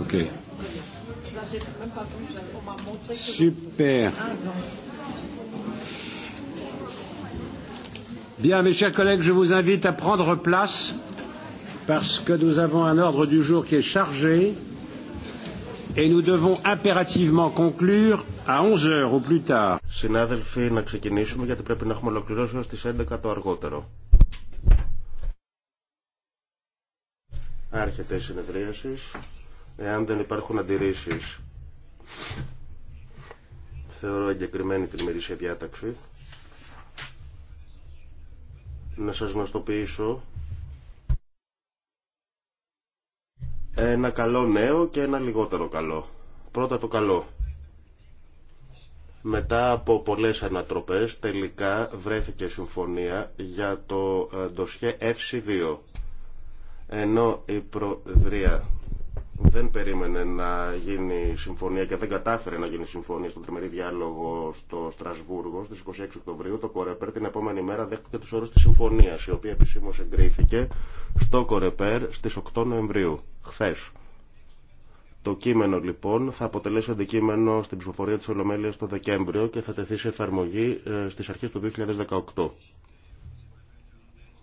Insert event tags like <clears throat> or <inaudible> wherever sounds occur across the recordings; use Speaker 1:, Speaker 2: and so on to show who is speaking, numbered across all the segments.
Speaker 1: Ok. Super. Bien, mes chers collègues, je vous invite à prendre place
Speaker 2: parce que nous avons un ordre du jour qui est chargé
Speaker 3: et nous devons impérativement conclure à 11 heures au plus tard. Συνάδελφοι, να ξεκινήσουμε γιατί πρέπει να έχουμε ολοκληρώσει Άρχεται η συνεδρίαση. Εάν δεν υπάρχουν αντιρρήσεις, θεωρώ εγκεκριμένη την ημερήσια διάταξη. Να σας γνωστοποιήσω ένα καλό νέο και ένα λιγότερο καλό. Πρώτα το καλό. Μετά από πολλές ανατροπές τελικά βρέθηκε συμφωνία για το ε, ντοσχε fc FC2 ενώ η προδρία δεν περίμενε να γίνει συμφωνία και δεν κατάφερε να γίνει συμφωνία στον τριμερή διάλογο στο Στρασβούργο στις 26 Οκτωβρίου. Το Κορεπέρ την επόμενη μέρα δέχτηκε τους όρους της συμφωνίας, η οποία επισήμω εγκρίθηκε στο Κορεπέρ στις 8 Νοεμβρίου, χθες. Το κείμενο λοιπόν θα αποτελέσει αντικείμενο στην ψηφοφορία της Ολομέλειας το Δεκέμβριο και θα τεθεί σε εφαρμογή ε, στις αρχές του 2018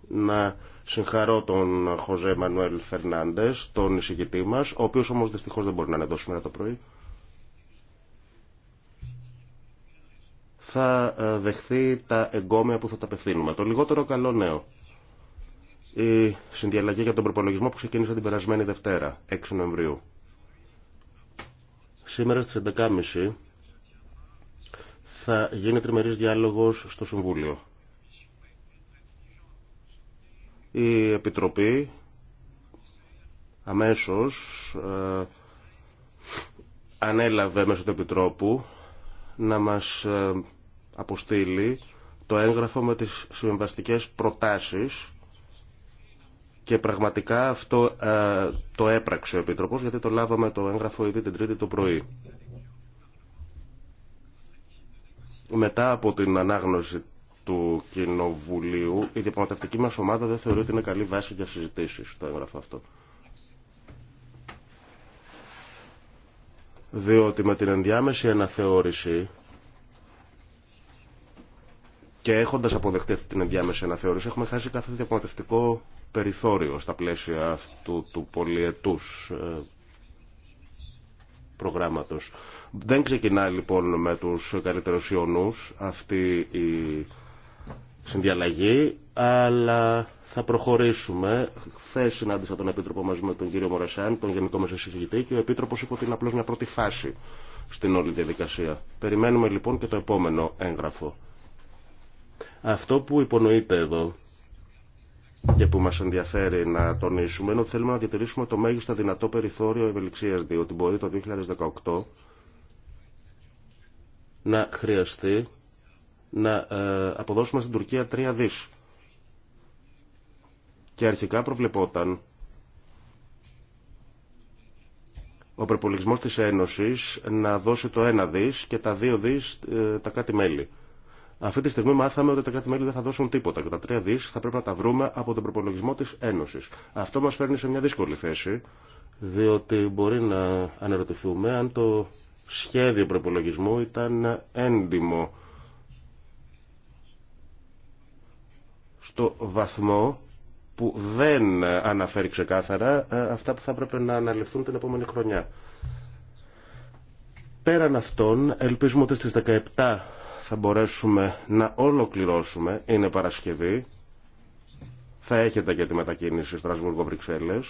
Speaker 3: να συγχαρώ τον Χωζέ Μανουέλ Φερνάντε, τον εισηγητή μα, ο οποίο όμω δυστυχώ δεν μπορεί να είναι εδώ σήμερα το πρωί. Θα ε, δεχθεί τα εγκόμια που θα τα απευθύνουμε. Το λιγότερο καλό νέο. Η συνδιαλλαγή για τον προπολογισμό που ξεκίνησε την περασμένη Δευτέρα, 6 Νοεμβρίου. Σήμερα στις 11.30 θα γίνει τριμερής διάλογος στο Συμβούλιο η Επιτροπή αμέσως ε, ανέλαβε μέσω του Επιτρόπου να μας ε, αποστείλει το έγγραφο με τις συμβαστικές προτάσεις και πραγματικά αυτό ε, το έπραξε ο Επιτροπός γιατί το λάβαμε το έγγραφο ήδη την Τρίτη το πρωί. Μετά από την ανάγνωση του Κοινοβουλίου, η διαπραγματευτική μας ομάδα δεν θεωρεί ότι είναι καλή βάση για συζητήσεις το έγγραφο αυτό. Διότι με την ενδιάμεση αναθεώρηση και έχοντα αποδεχτεί αυτή την ενδιάμεση αναθεώρηση έχουμε χάσει κάθε διαπραγματευτικό περιθώριο στα πλαίσια αυτού του πολυετούς ε, προγράμματος. Δεν ξεκινάει λοιπόν με τους καλύτερους ιονούς αυτή η συνδιαλλαγή, αλλά θα προχωρήσουμε. Χθε συνάντησα τον Επίτροπο μαζί με τον κύριο Μωρεσάν, τον Γενικό μας και ο Επίτροπος είπε ότι είναι απλώ μια πρώτη φάση στην όλη διαδικασία. Περιμένουμε λοιπόν και το επόμενο έγγραφο. Αυτό που υπονοείται εδώ και που μας ενδιαφέρει να τονίσουμε είναι ότι θέλουμε να διατηρήσουμε το μέγιστο δυνατό περιθώριο ευελιξίας διότι μπορεί το 2018 να χρειαστεί να ε, αποδώσουμε στην Τουρκία 3 δις. Και αρχικά προβλεπόταν ο προπολογισμός της Ένωσης να δώσει το 1 δις και τα 2 δις ε, τα κράτη-μέλη. Αυτή τη στιγμή μάθαμε ότι τα κράτη-μέλη δεν θα δώσουν τίποτα και τα τρία δις θα πρέπει να τα βρούμε από τον προπολογισμό της Ένωσης. Αυτό μας φέρνει σε μια δύσκολη θέση, διότι μπορεί να αναρωτηθούμε αν το σχέδιο προπολογισμού ήταν έντιμο στο βαθμό που δεν αναφέρει ξεκάθαρα ε, αυτά που θα έπρεπε να αναλυθούν την επόμενη χρονιά. Πέραν αυτών, ελπίζουμε ότι στις 17 θα μπορέσουμε να ολοκληρώσουμε, είναι Παρασκευή, θα έχετε και τη μετακίνηση Στρασβούργο-Βρυξέλλες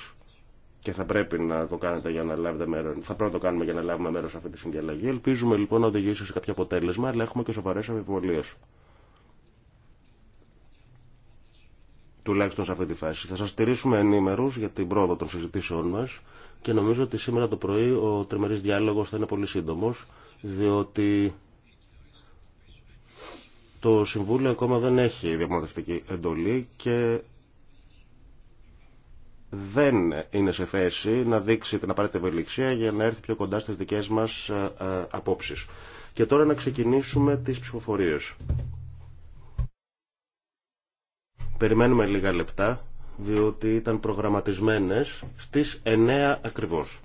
Speaker 3: και θα πρέπει να το κάνετε για να λάβετε μέρο, θα πρέπει να το κάνουμε για να λάβουμε μέρος σε αυτή τη συνδιαλλαγή. Ελπίζουμε λοιπόν να οδηγήσει σε κάποιο αποτέλεσμα, αλλά έχουμε και σοβαρές αμφιβολίες. τουλάχιστον σε αυτή τη φάση. Θα σα στηρίσουμε ενήμερου για την πρόοδο των συζητήσεών μας και νομίζω ότι σήμερα το πρωί ο τριμερής διάλογος θα είναι πολύ σύντομος, διότι το Συμβούλιο ακόμα δεν έχει διαπραγματευτική εντολή και δεν είναι σε θέση να δείξει την απαραίτητη ευελιξία για να έρθει πιο κοντά στις δικές μας ε, ε, απόψεις. Και τώρα να ξεκινήσουμε τις ψηφοφορίες. Περιμένουμε λίγα λεπτά, διότι ήταν προγραμματισμένες στις 9 ακριβώς.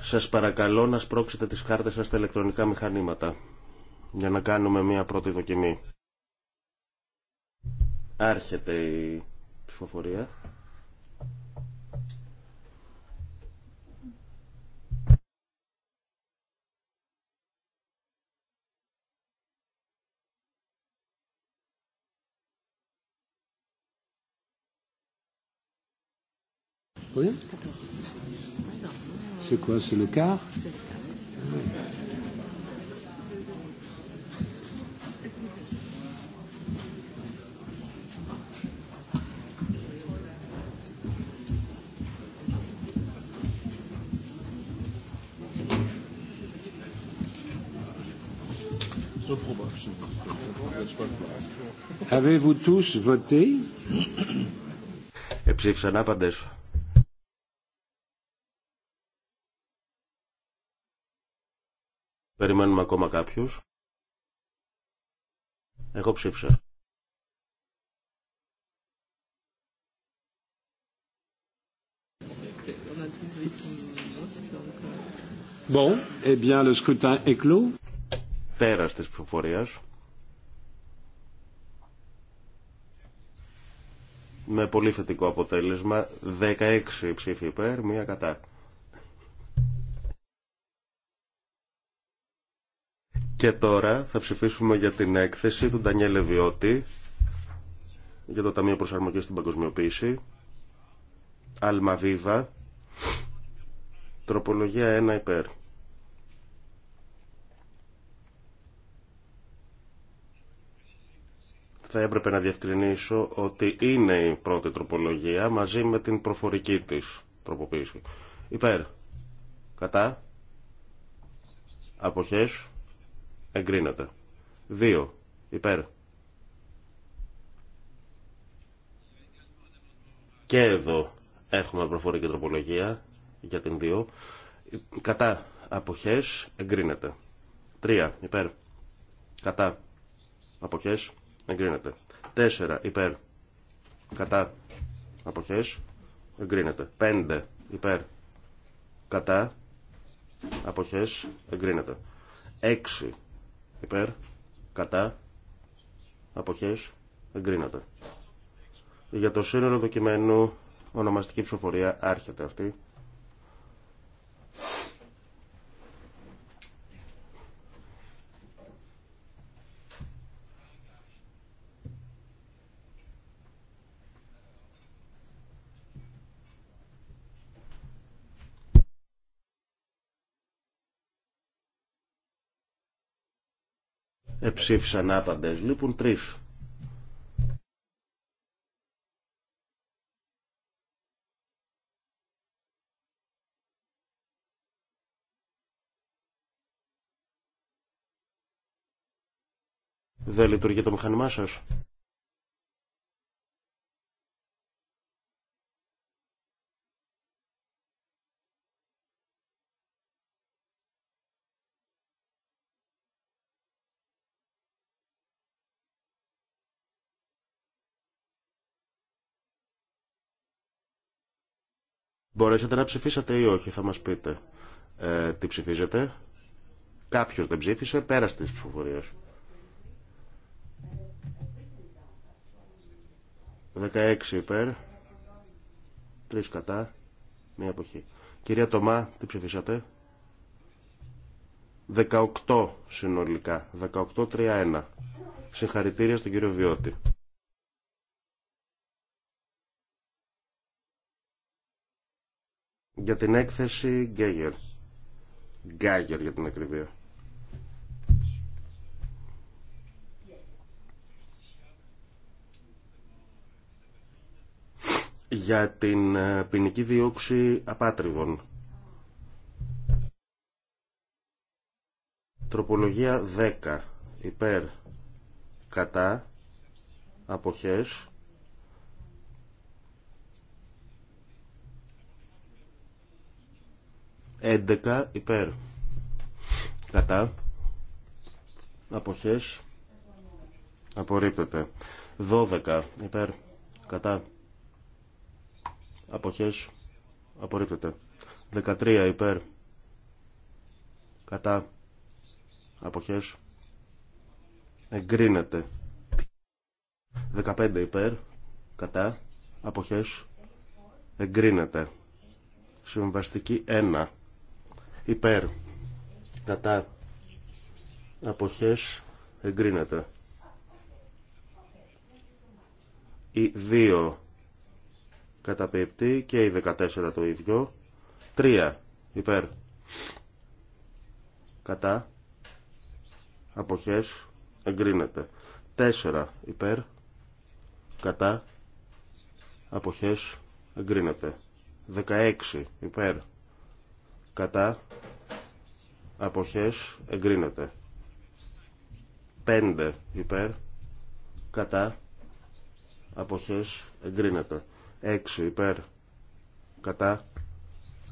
Speaker 3: Σας παρακαλώ να σπρώξετε τις κάρτες σας στα ηλεκτρονικά μηχανήματα για να κάνουμε μία πρώτη δοκιμή. Άρχεται η ψηφοφορία.
Speaker 2: Oui C'est quoi C'est le quart
Speaker 3: Avez-vous tous voté Εψήφισαν άπαντες. Περιμένουμε ακόμα κάποιους. Εγώ ψήφισα. Bon, eh bien, της προφορίας. Με πολύ θετικό αποτέλεσμα, 16 ψήφοι υπέρ, μία κατά. Και τώρα θα ψηφίσουμε για την έκθεση του Ντανιέλ Λεβιώτη για το Ταμείο Προσαρμογής στην Παγκοσμιοποίηση. Αλμαβίβα. Τροπολογία 1 υπέρ. Θα έπρεπε να διευκρινίσω ότι είναι η πρώτη τροπολογία μαζί με την προφορική της τροποποίηση. Υπέρ. Κατά. Αποχές. Εγκρίνεται. 2. Υπέρ. Και εδώ έχουμε προφορική τροπολογία για την 2. Κατά αποχές εγκρίνεται. 3. Υπέρ. Κατά αποχές εγκρίνεται. 4. Υπέρ. Κατά αποχές εγκρίνεται. 5. Υπέρ. Κατά αποχές εγκρίνεται. 6 Υπέρ. Κατά. Αποχές. Εγκρίνεται. Για το σύνολο δοκιμένου κειμένου ονομαστική ψηφοφορία άρχεται αυτή. ψήφισαν άπαντες. Λείπουν τρεις. Δεν λειτουργεί το μηχανημά σας. Μπορέσατε να ψηφίσατε ή όχι, θα μας πείτε ε, τι ψηφίζετε. Κάποιος δεν ψήφισε, πέραστε τις ψηφοφορίες. 16 υπέρ, 3 κατά, μία εποχή. Κυρία Τομά, τι ψηφίσατε. 18 συνολικά, 18-3-1. Συγχαρητήρια στον κύριο Βιώτη. για την έκθεση Γκέγερ. Γκάγερ για την ακριβία. για την ε, ποινική δίωξη απάτριβων. Τροπολογία 10. Υπέρ. Κατά. Αποχές. 11 υπέρ κατά αποχές απορρίπτεται 12 υπέρ κατά αποχές απορρίπτεται 13 υπέρ κατά αποχές εγκρίνεται 15 υπέρ κατά αποχές εγκρίνεται συμβαστική 1 υπέρ κατά αποχές εγκρίνεται η 2 καταπέπτει και η 14 το ίδιο 3 υπέρ κατά αποχές εγκρίνεται 4 υπέρ κατά αποχές εγκρίνεται 16 υπέρ κατά αποχές εγκρίνεται 5 υπέρ κατά αποχές εγκρίνεται 6 υπέρ κατά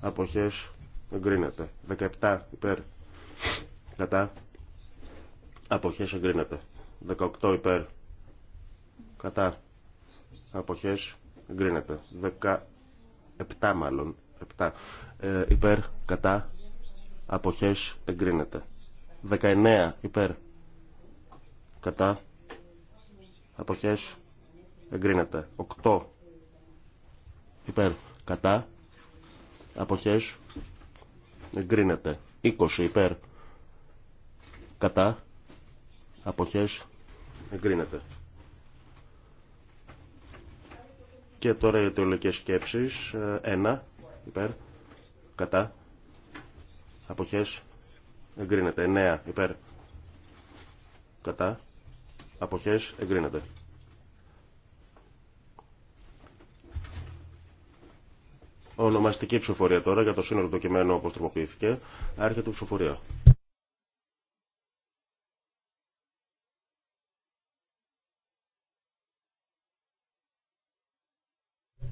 Speaker 3: αποχές εγκρίνεται 17 υπέρ κατά αποχές εγκρίνεται 18 υπέρ κατά αποχές εγκρίνεται 17 μάλλον 7 ε, υπέρ, κατά, αποχές, εγκρίνεται. 19 υπέρ, κατά, αποχές, εγκρίνεται. 8 υπέρ, κατά, αποχές, εγκρίνεται. 20 υπέρ, κατά, αποχές, εγκρίνεται. Και τώρα οι αιτιολογικές σκέψεις. 1 ε, υπέρ, κατά, αποχές, εγκρίνεται. 9 υπέρ, κατά, αποχές, εγκρίνεται. Ονομαστική ψηφοφορία τώρα για το σύνολο του κειμένου όπως τροποποιήθηκε. Άρχεται η ψηφοφορία.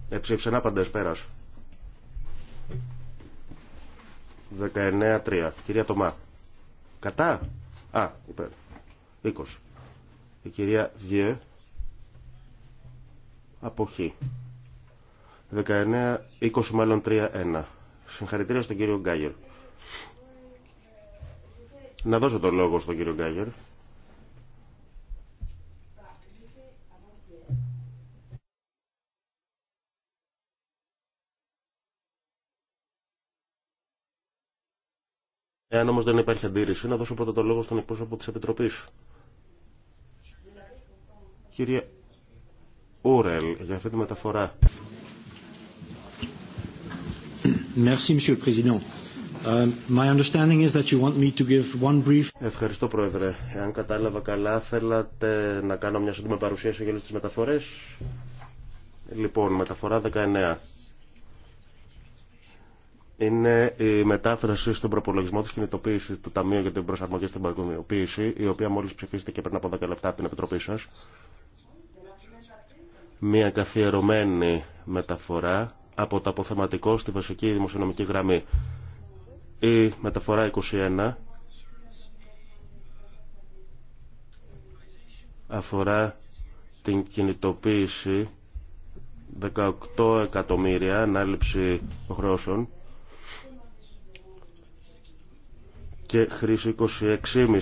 Speaker 3: Εψήφισαν παντες πέρας. 19-3. Κυρία Τωμά. Κατά. Α, υπέρ. 20. Η κυρία Διέ. Αποχή. 19-20 μάλλον 3-1. Συγχαρητήρια στον κύριο Γκάγερ. Να δώσω τον λόγο στον κύριο Γκάγερ Εάν όμω δεν υπάρχει αντίρρηση, να δώσω πρώτα το λόγο στον εκπρόσωπο τη Επιτροπή. Κύριε Ούρελ, για αυτή τη μεταφορά. Ευχαριστώ, Πρόεδρε. Εάν κατάλαβα καλά, θέλατε να κάνω μια σύντομη παρουσίαση για όλε τι μεταφορέ. Λοιπόν, μεταφορά 19 είναι η μετάφραση στον προπολογισμό τη κινητοποίηση του Ταμείου για την Προσαρμογή στην Παγκοσμιοποίηση, η οποία μόλι ψηφίστηκε πριν από 10 λεπτά από την Επιτροπή σα. Μια καθιερωμένη μεταφορά από το αποθεματικό στη βασική δημοσιονομική γραμμή. Η μεταφορά 21 αφορά την κινητοποίηση 18 εκατομμύρια ανάληψη χρώσεων και χρήση 26,5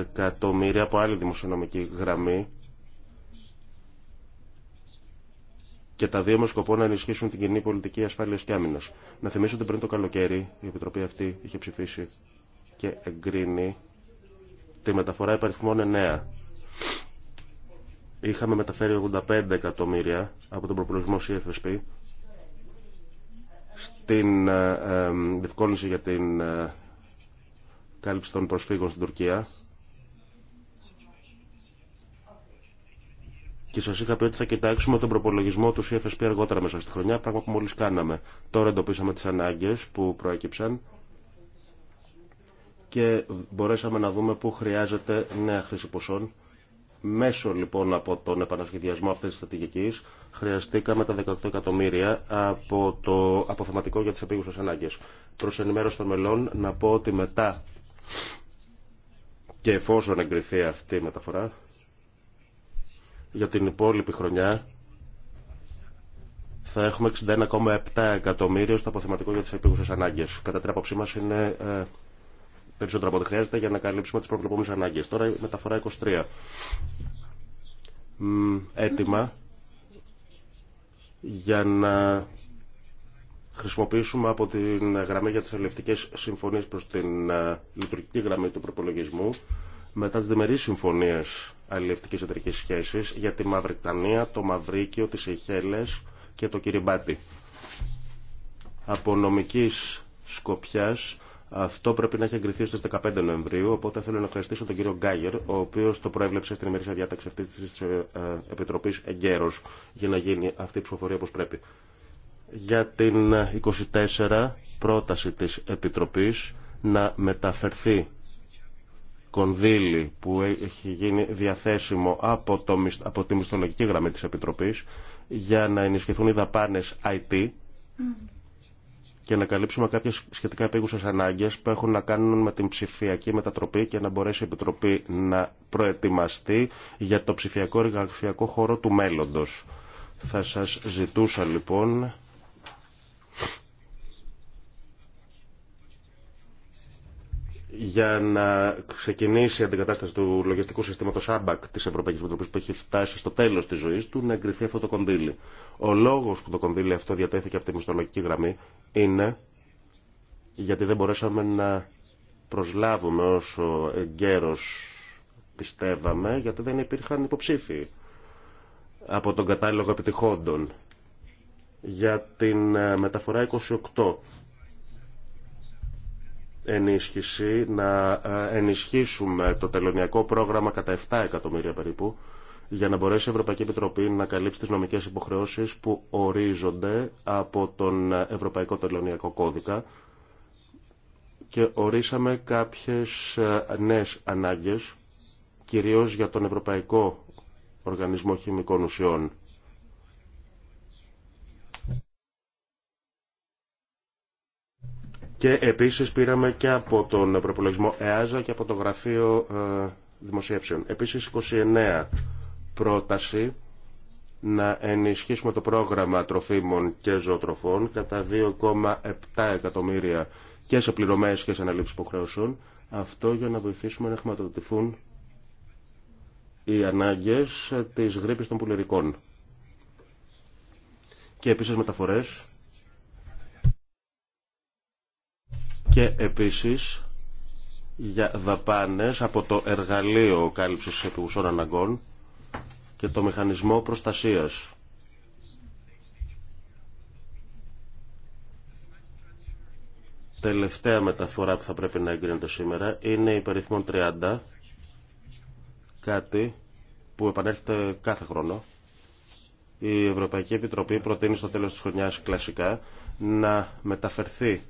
Speaker 3: εκατομμύρια από άλλη δημοσιονομική γραμμή και τα δύο με σκοπό να ενισχύσουν την κοινή πολιτική ασφάλεια και άμυνα. Να θυμίσω ότι πριν το καλοκαίρι η Επιτροπή αυτή είχε ψηφίσει και εγκρίνει τη μεταφορά υπαριθμών 9. Είχαμε μεταφέρει 85 εκατομμύρια από τον προπολογισμό CFSP στην ε, ε, διευκόλυνση για την ε, κάλυψη των προσφύγων στην Τουρκία. Και σα είχα πει ότι θα κοιτάξουμε τον προπολογισμό του CFSP αργότερα μέσα στη χρονιά, πράγμα που μόλι κάναμε. Τώρα εντοπίσαμε τι ανάγκε που προέκυψαν και μπορέσαμε να δούμε πού χρειάζεται νέα χρήση ποσών. Μέσω λοιπόν από τον επανασχεδιασμό αυτή τη στρατηγικής χρειαστήκαμε τα 18 εκατομμύρια από το αποθεματικό για τι επίγουσε ανάγκες. Προς ενημέρωση των μελών να πω ότι μετά και εφόσον εγκριθεί αυτή η μεταφορά για την υπόλοιπη χρονιά θα έχουμε 61,7 εκατομμύρια στο αποθεματικό για τις επίγουσες ανάγκες. Κατά την άποψή μας είναι ε, περισσότερο από ό,τι χρειάζεται για να καλύψουμε τις προβλεπόμενες ανάγκες. Τώρα η μεταφορά 23. έτοιμα για να χρησιμοποιήσουμε από την γραμμή για τις αλληλευτικές συμφωνίες προς την ε, λειτουργική γραμμή του προπολογισμού μετά τις διμερείς συμφωνίες αλληλευτικής εταιρικής σχέσης για τη Μαυρικτανία, το Μαυρίκιο, τις Ειχέλες και το Κυριμπάτι. Από νομικής σκοπιάς αυτό πρέπει να έχει εγκριθεί στις 15 Νοεμβρίου, οπότε θέλω να ευχαριστήσω τον κύριο Γκάγερ, ο οποίος το προέβλεψε στην ημερήσια διάταξη αυτή τη ε, ε, Επιτροπή εγκαίρω για να γίνει αυτή η ψηφοφορία όπω πρέπει για την 24 πρόταση της Επιτροπής να μεταφερθεί κονδύλι που έχει γίνει διαθέσιμο από, το, από τη μισθολογική γραμμή της Επιτροπής για να ενισχυθούν οι δαπάνες IT και να καλύψουμε κάποιες σχετικά επίγουσες ανάγκες που έχουν να κάνουν με την ψηφιακή μετατροπή και να μπορέσει η Επιτροπή να προετοιμαστεί για το ψηφιακό εργασιακό χώρο του μέλλοντος. Θα σας ζητούσα λοιπόν για να ξεκινήσει η αντικατάσταση του λογιστικού συστήματος ΑΜΠΑΚ τη Ευρωπαϊκή Επιτροπή που έχει φτάσει στο τέλο τη ζωή του να εγκριθεί αυτό το κονδύλι. Ο λόγο που το κονδύλι αυτό διατέθηκε από τη μισθολογική γραμμή είναι γιατί δεν μπορέσαμε να προσλάβουμε όσο εγκαίρω πιστεύαμε, γιατί δεν υπήρχαν υποψήφοι από τον κατάλογο επιτυχόντων για την ε, μεταφορά 28 ενίσχυση, να ε, ενισχύσουμε το τελωνιακό πρόγραμμα κατά 7 εκατομμύρια περίπου, για να μπορέσει η Ευρωπαϊκή Επιτροπή να καλύψει τις νομικές υποχρεώσεις που ορίζονται από τον Ευρωπαϊκό Τελωνιακό Κώδικα και ορίσαμε κάποιες ε, νέες ανάγκες, κυρίως για τον Ευρωπαϊκό Οργανισμό Χημικών Ουσιών Και επίσης πήραμε και από τον προπολογισμό ΕΑΖΑ και από το Γραφείο ε, Δημοσίευσεων. Επίσης 29 πρόταση να ενισχύσουμε το πρόγραμμα τροφίμων και ζωοτροφών κατά 2,7 εκατομμύρια και σε πληρωμές και σε αναλήψεις υποχρεώσεων. Αυτό για να βοηθήσουμε να χρηματοδοτηθούν οι ανάγκες της γρήπης των πουλερικών. Και επίσης μεταφορές και επίσης για δαπάνες από το εργαλείο κάλυψης επιγουσών αναγκών και το μηχανισμό προστασίας. Τελευταία μεταφορά που θα πρέπει να εγκρίνεται σήμερα είναι η περίθμον 30, κάτι που επανέρχεται κάθε χρόνο. Η Ευρωπαϊκή Επιτροπή προτείνει στο τέλος της χρονιάς κλασικά να μεταφερθεί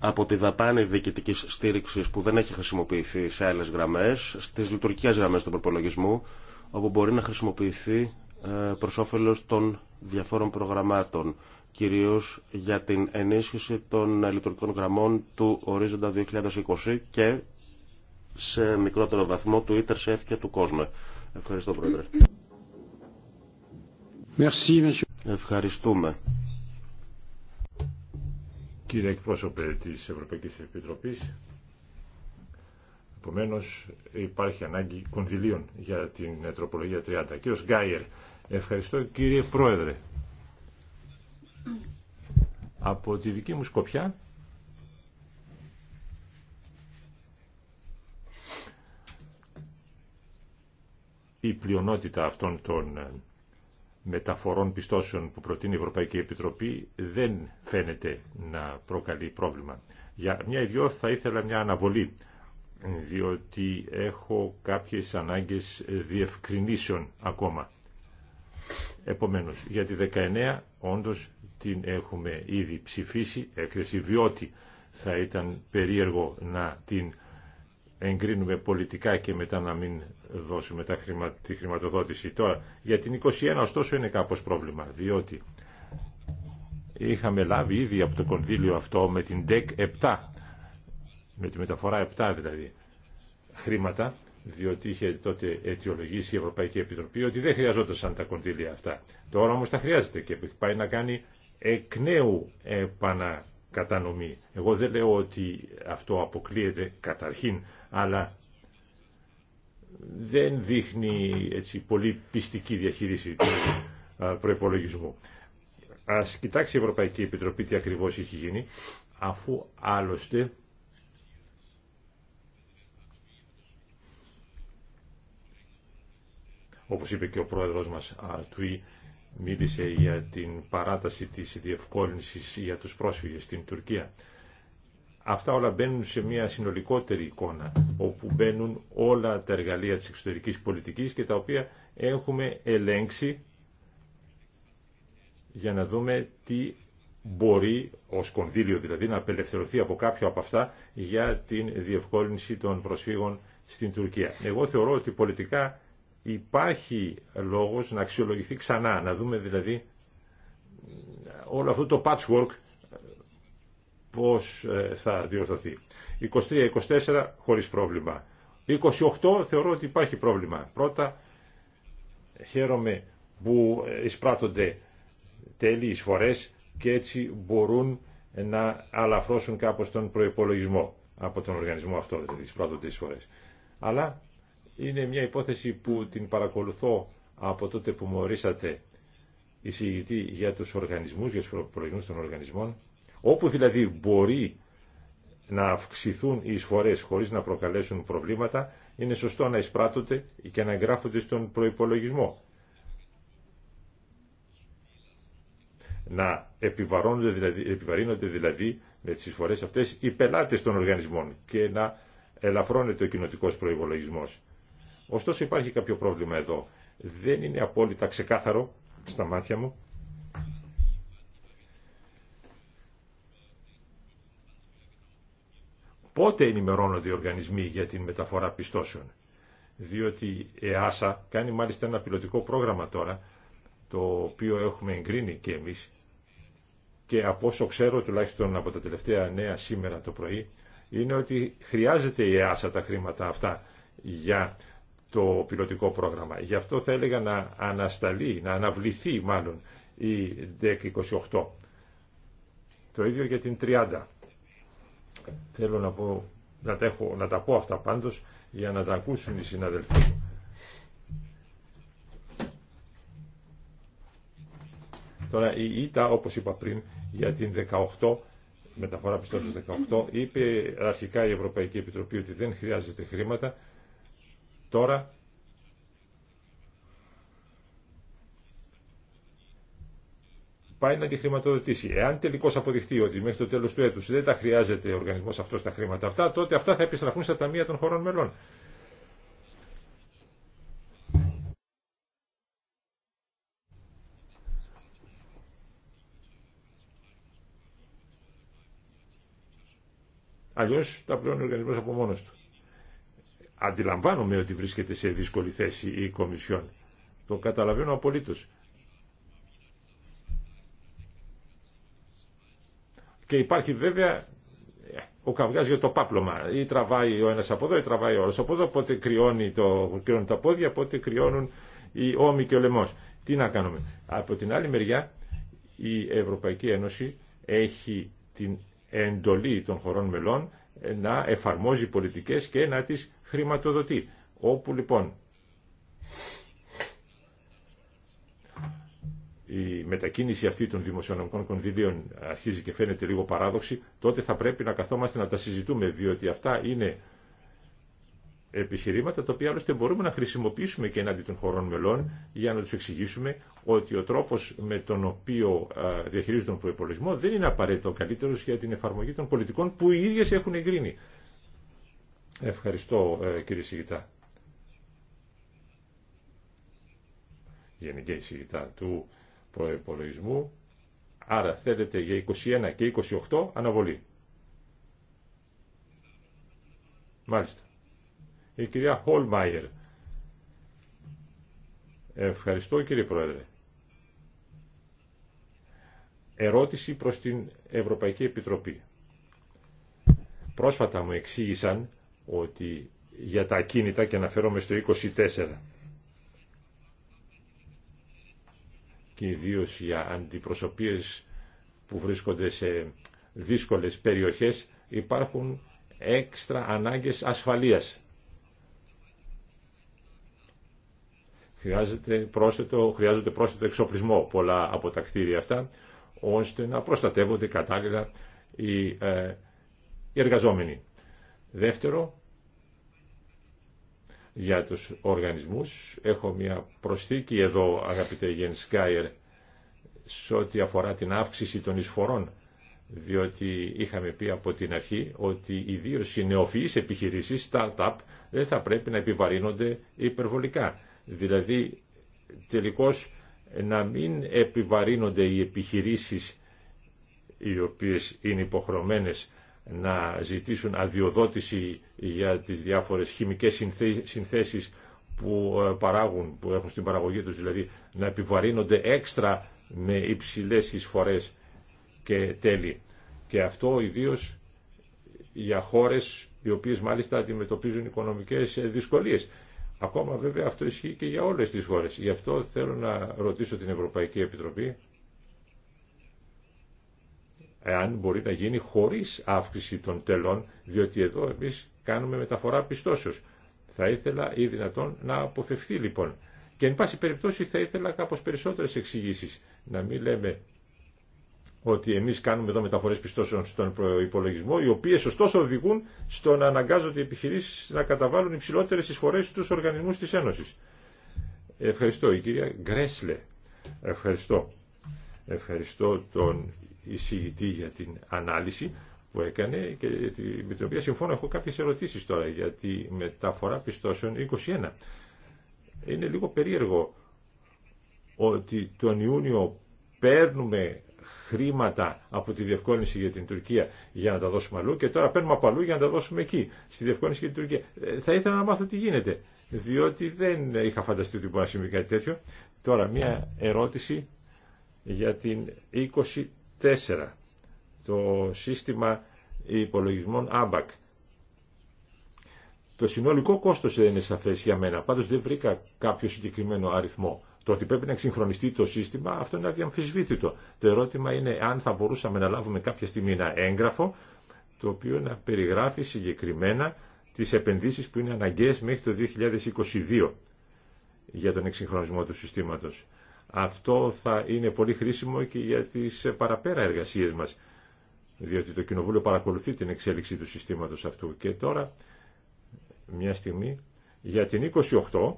Speaker 3: από τη δαπάνη διοικητική στήριξη που δεν έχει χρησιμοποιηθεί σε άλλε γραμμέ, στι λειτουργικέ γραμμέ του προπολογισμού, όπου μπορεί να χρησιμοποιηθεί ε, προ όφελο των διαφόρων προγραμμάτων, κυρίω για την ενίσχυση των λειτουργικών γραμμών του ορίζοντα 2020 και σε μικρότερο βαθμό του ΙΤΕΡΣΕΦ και του Κόσμε. Ευχαριστώ, Πρόεδρε. Ευχαριστούμε.
Speaker 1: Κύριε εκπρόσωπε της Ευρωπαϊκής Επιτροπής, επομένω υπάρχει ανάγκη κονδυλίων για την τροπολογία 30. Κύριος Γκάιερ, ευχαριστώ κύριε Πρόεδρε. Από τη δική μου σκοπιά, η πλειονότητα αυτών των μεταφορών πιστώσεων που προτείνει η Ευρωπαϊκή Επιτροπή δεν φαίνεται να προκαλεί πρόβλημα. Για μια ιδιο θα ήθελα μια αναβολή, διότι έχω κάποιες ανάγκες διευκρινήσεων ακόμα. Επομένως, για τη 19 όντως την έχουμε ήδη ψηφίσει, έκθεση διότι θα ήταν περίεργο να την εγκρίνουμε πολιτικά και μετά να μην δώσουμε τα χρημα... τη χρηματοδότηση. Τώρα, για την 21 ωστόσο είναι κάπως πρόβλημα, διότι είχαμε λάβει ήδη από το κονδύλιο αυτό με την DEC 7, με τη μεταφορά 7 δηλαδή, χρήματα, διότι είχε τότε αιτιολογήσει η Ευρωπαϊκή Επιτροπή ότι δεν χρειαζόταν τα κονδύλια αυτά. Τώρα όμως τα χρειάζεται και πάει να κάνει εκ νέου επανακατανομή. Εγώ δεν λέω ότι αυτό αποκλείεται καταρχήν αλλά δεν δείχνει έτσι, πολύ πιστική διαχείριση του προπολογισμού. Ας κοιτάξει η Ευρωπαϊκή Επιτροπή τι ακριβώς έχει γίνει, αφού άλλωστε όπως είπε και ο πρόεδρος μας Αρτουή, μίλησε για την παράταση της διευκόλυνσης για τους πρόσφυγες στην Τουρκία. Αυτά όλα μπαίνουν σε μια συνολικότερη εικόνα, όπου μπαίνουν όλα τα εργαλεία της εξωτερικής πολιτικής και τα οποία έχουμε ελέγξει για να δούμε τι μπορεί ω κονδύλιο δηλαδή να απελευθερωθεί από κάποιο από αυτά για την διευκόλυνση των προσφύγων στην Τουρκία. Εγώ θεωρώ ότι πολιτικά υπάρχει λόγος να αξιολογηθεί ξανά, να δούμε δηλαδή όλο αυτό το patchwork πώς ε, θα διορθωθεί. 23-24 χωρίς πρόβλημα. 28 θεωρώ ότι υπάρχει πρόβλημα. Πρώτα χαίρομαι που ε, εισπράττονται τέλη εισφορές και έτσι μπορούν να αλαφρώσουν κάπως τον προϋπολογισμό από τον οργανισμό αυτό δηλαδή εισπράττονται εισφορές. Αλλά είναι μια υπόθεση που την παρακολουθώ από τότε που μου ορίσατε εισηγητή για τους οργανισμούς, για τους προϋπολογισμούς των οργανισμών Όπου δηλαδή μπορεί να αυξηθούν οι εισφορές χωρίς να προκαλέσουν προβλήματα, είναι σωστό να εισπράττονται και να εγγράφονται στον προϋπολογισμό. Να δηλαδή, επιβαρύνονται δηλαδή, δηλαδή με τις εισφορές αυτές οι πελάτες των οργανισμών και να ελαφρώνεται ο κοινοτικός προϋπολογισμός. Ωστόσο υπάρχει κάποιο πρόβλημα εδώ. Δεν είναι απόλυτα ξεκάθαρο στα μάτια μου πότε ενημερώνονται οι οργανισμοί για την μεταφορά πιστώσεων. Διότι η ΕΑΣΑ κάνει μάλιστα ένα πιλωτικό πρόγραμμα τώρα, το οποίο έχουμε εγκρίνει και εμείς, και από όσο ξέρω, τουλάχιστον από τα τελευταία νέα σήμερα το πρωί, είναι ότι χρειάζεται η ΕΑΣΑ τα χρήματα αυτά για το πιλωτικό πρόγραμμα. Γι' αυτό θα έλεγα να ανασταλεί, να αναβληθεί μάλλον η 28. Το ίδιο για την 30. Θέλω να, να, τα, έχω, να τα πω αυτά πάντως για να τα ακούσουν οι συναδελφοί μου. Τώρα η ΙΤΑ, όπως είπα πριν, για την 18, μεταφορά πιστώσεως 18, είπε αρχικά η Ευρωπαϊκή Επιτροπή ότι δεν χρειάζεται χρήματα. Τώρα πάει να τη χρηματοδοτήσει. Εάν τελικώ αποδειχτεί ότι μέχρι το τέλο του έτου δεν τα χρειάζεται ο οργανισμό αυτό τα χρήματα αυτά, τότε αυτά θα επιστραφούν στα ταμεία των χωρών μελών. Αλλιώ τα πλέον ο οργανισμό από μόνο του. Αντιλαμβάνομαι ότι βρίσκεται σε δύσκολη θέση η Κομισιόν. Το καταλαβαίνω απολύτω. Και υπάρχει βέβαια ε, ο καυγά για το πάπλωμα. Ή τραβάει ο ένα από εδώ, ή τραβάει ο άλλο από εδώ. Πότε κρυώνει το, κρυώνουν τα πόδια, πότε κρυώνουν οι ώμοι και ο λαιμό. Τι να κάνουμε. Από την άλλη μεριά, η Ευρωπαϊκή Ένωση έχει την εντολή των χωρών μελών ε, να εφαρμόζει πολιτικές και να τις χρηματοδοτεί. Όπου λοιπόν η μετακίνηση αυτή των δημοσιονομικών κονδυλίων αρχίζει και φαίνεται λίγο παράδοξη, τότε θα πρέπει να καθόμαστε να τα συζητούμε, διότι αυτά είναι επιχειρήματα τα οποία άλλωστε μπορούμε να χρησιμοποιήσουμε και εναντί των χωρών μελών για να τους εξηγήσουμε ότι ο τρόπος με τον οποίο διαχειρίζονται τον προπολογισμό δεν είναι απαραίτητο καλύτερο για την εφαρμογή των πολιτικών που οι ίδιες έχουν εγκρίνει. Ευχαριστώ ε, κύριε Σιγητά. Γενική Σιγητά του Άρα θέλετε για 21 και 28 αναβολή. Μάλιστα. Η κυρία Χολμάιερ. Ευχαριστώ κύριε Πρόεδρε. Ερώτηση προς την Ευρωπαϊκή Επιτροπή. Πρόσφατα μου εξήγησαν ότι για τα ακίνητα και αναφέρομαι στο 24 και ιδίω για αντιπροσωπείες που βρίσκονται σε δύσκολες περιοχές υπάρχουν έξτρα ανάγκες ασφαλείας. Χρειάζεται πρόσθετο, χρειάζονται πρόσθετο εξοπλισμό πολλά από τα κτίρια αυτά, ώστε να προστατεύονται κατάλληλα οι, ε, οι εργαζόμενοι. Δεύτερο, για τους οργανισμούς. Έχω μια προσθήκη εδώ, αγαπητέ Γιάννη Γκάιερ, σε ό,τι αφορά την αύξηση των εισφορών, διότι είχαμε πει από την αρχή ότι ιδίω οι νεοφυείς επιχειρήσεις, startup, δεν θα πρέπει να επιβαρύνονται υπερβολικά. Δηλαδή, τελικώς, να μην επιβαρύνονται οι επιχειρήσεις οι οποίες είναι υποχρεωμένες να ζητήσουν αδειοδότηση για τις διάφορες χημικές συνθέσεις που ε, παράγουν, που έχουν στην παραγωγή τους, δηλαδή να επιβαρύνονται έξτρα με υψηλές εισφορές και τέλη. Και αυτό ιδίως για χώρες οι οποίες μάλιστα αντιμετωπίζουν οικονομικές ε, δυσκολίες. Ακόμα βέβαια αυτό ισχύει και για όλες τις χώρες. Γι' αυτό θέλω να ρωτήσω την Ευρωπαϊκή Επιτροπή εάν μπορεί να γίνει χωρίς αύξηση των τελών, διότι εδώ εμείς κάνουμε μεταφορά πιστώσεως. Θα ήθελα ή δυνατόν να αποφευθεί λοιπόν. Και εν πάση περιπτώσει θα ήθελα κάπως περισσότερες εξηγήσεις. Να μην λέμε ότι εμείς κάνουμε εδώ μεταφορές πιστώσεων στον υπολογισμό, οι οποίες ωστόσο οδηγούν στο να αναγκάζονται οι επιχειρήσεις να καταβάλουν υψηλότερες εισφορές στους οργανισμούς της Ένωσης. Ευχαριστώ. Η κυρία Γκρέσλε. Ευχαριστώ. Ευχαριστώ τον εισηγητή για την ανάλυση που έκανε και με την οποία συμφώνω έχω κάποιες ερωτήσεις τώρα για τη μεταφορά πιστώσεων 21. Είναι λίγο περίεργο ότι τον Ιούνιο παίρνουμε χρήματα από τη διευκόλυνση για την Τουρκία για να τα δώσουμε αλλού και τώρα παίρνουμε από αλλού για να τα δώσουμε εκεί, στη διευκόλυνση για την Τουρκία. Ε, θα ήθελα να μάθω τι γίνεται, διότι δεν είχα φανταστεί ότι μπορεί να συμβεί κάτι τέτοιο. Τώρα, μία ερώτηση για την 4. Το σύστημα υπολογισμών ABAC. Το συνολικό κόστος δεν είναι σαφές για μένα, πάντως δεν βρήκα κάποιο συγκεκριμένο αριθμό. Το ότι πρέπει να εξυγχρονιστεί το σύστημα, αυτό είναι αδιαμφισβήτητο. Το ερώτημα είναι αν θα μπορούσαμε να λάβουμε κάποια στιγμή ένα έγγραφο, το οποίο να περιγράφει συγκεκριμένα τις επενδύσεις που είναι αναγκαίες μέχρι το 2022 για τον εξυγχρονισμό του συστήματος. Αυτό θα είναι πολύ χρήσιμο και για τις ε, παραπέρα εργασίες μας, διότι το Κοινοβούλιο παρακολουθεί την εξέλιξη του συστήματος αυτού. Και τώρα, μια στιγμή, για την 28,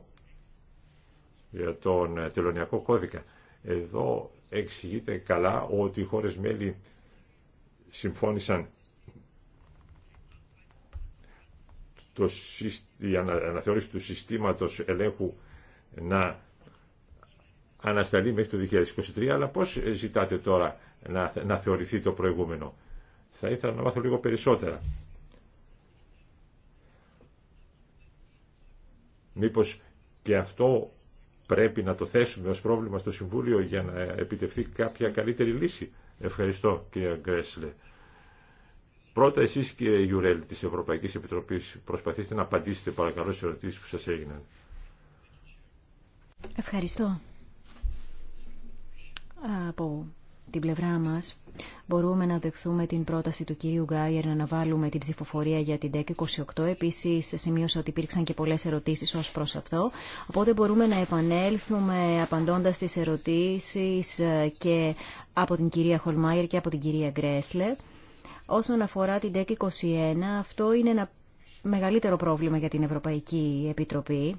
Speaker 1: για τον ε, τελωνιακό κώδικα. Εδώ εξηγείται καλά ότι οι χώρες μέλη συμφώνησαν το, η αναθεώρηση του συστήματος ελέγχου να ανασταλεί μέχρι το 2023, αλλά πώς ζητάτε τώρα να, να θεωρηθεί το προηγούμενο. Θα ήθελα να μάθω λίγο περισσότερα. Μήπως και αυτό πρέπει να το θέσουμε ως πρόβλημα στο Συμβούλιο για να επιτευχθεί κάποια καλύτερη λύση. Ευχαριστώ κύριε Γκρέσλε. Πρώτα εσείς κύριε Γιουρέλ της Ευρωπαϊκής Επιτροπής προσπαθήστε να απαντήσετε παρακαλώ στις ερωτήσεις που σας έγιναν.
Speaker 4: Ευχαριστώ από την πλευρά μας μπορούμε να δεχθούμε την πρόταση του κυρίου Γκάιερ να αναβάλουμε την ψηφοφορία για την ΤΕΚ 28. Επίσης σημείωσα ότι υπήρξαν και πολλές ερωτήσεις ως προς αυτό. Οπότε μπορούμε να επανέλθουμε απαντώντας τις ερωτήσεις ε, και από την κυρία Χολμάιερ και από την κυρία Γκρέσλε. Όσον αφορά την ΤΕΚ 21, αυτό είναι ένα μεγαλύτερο πρόβλημα για την Ευρωπαϊκή Επιτροπή.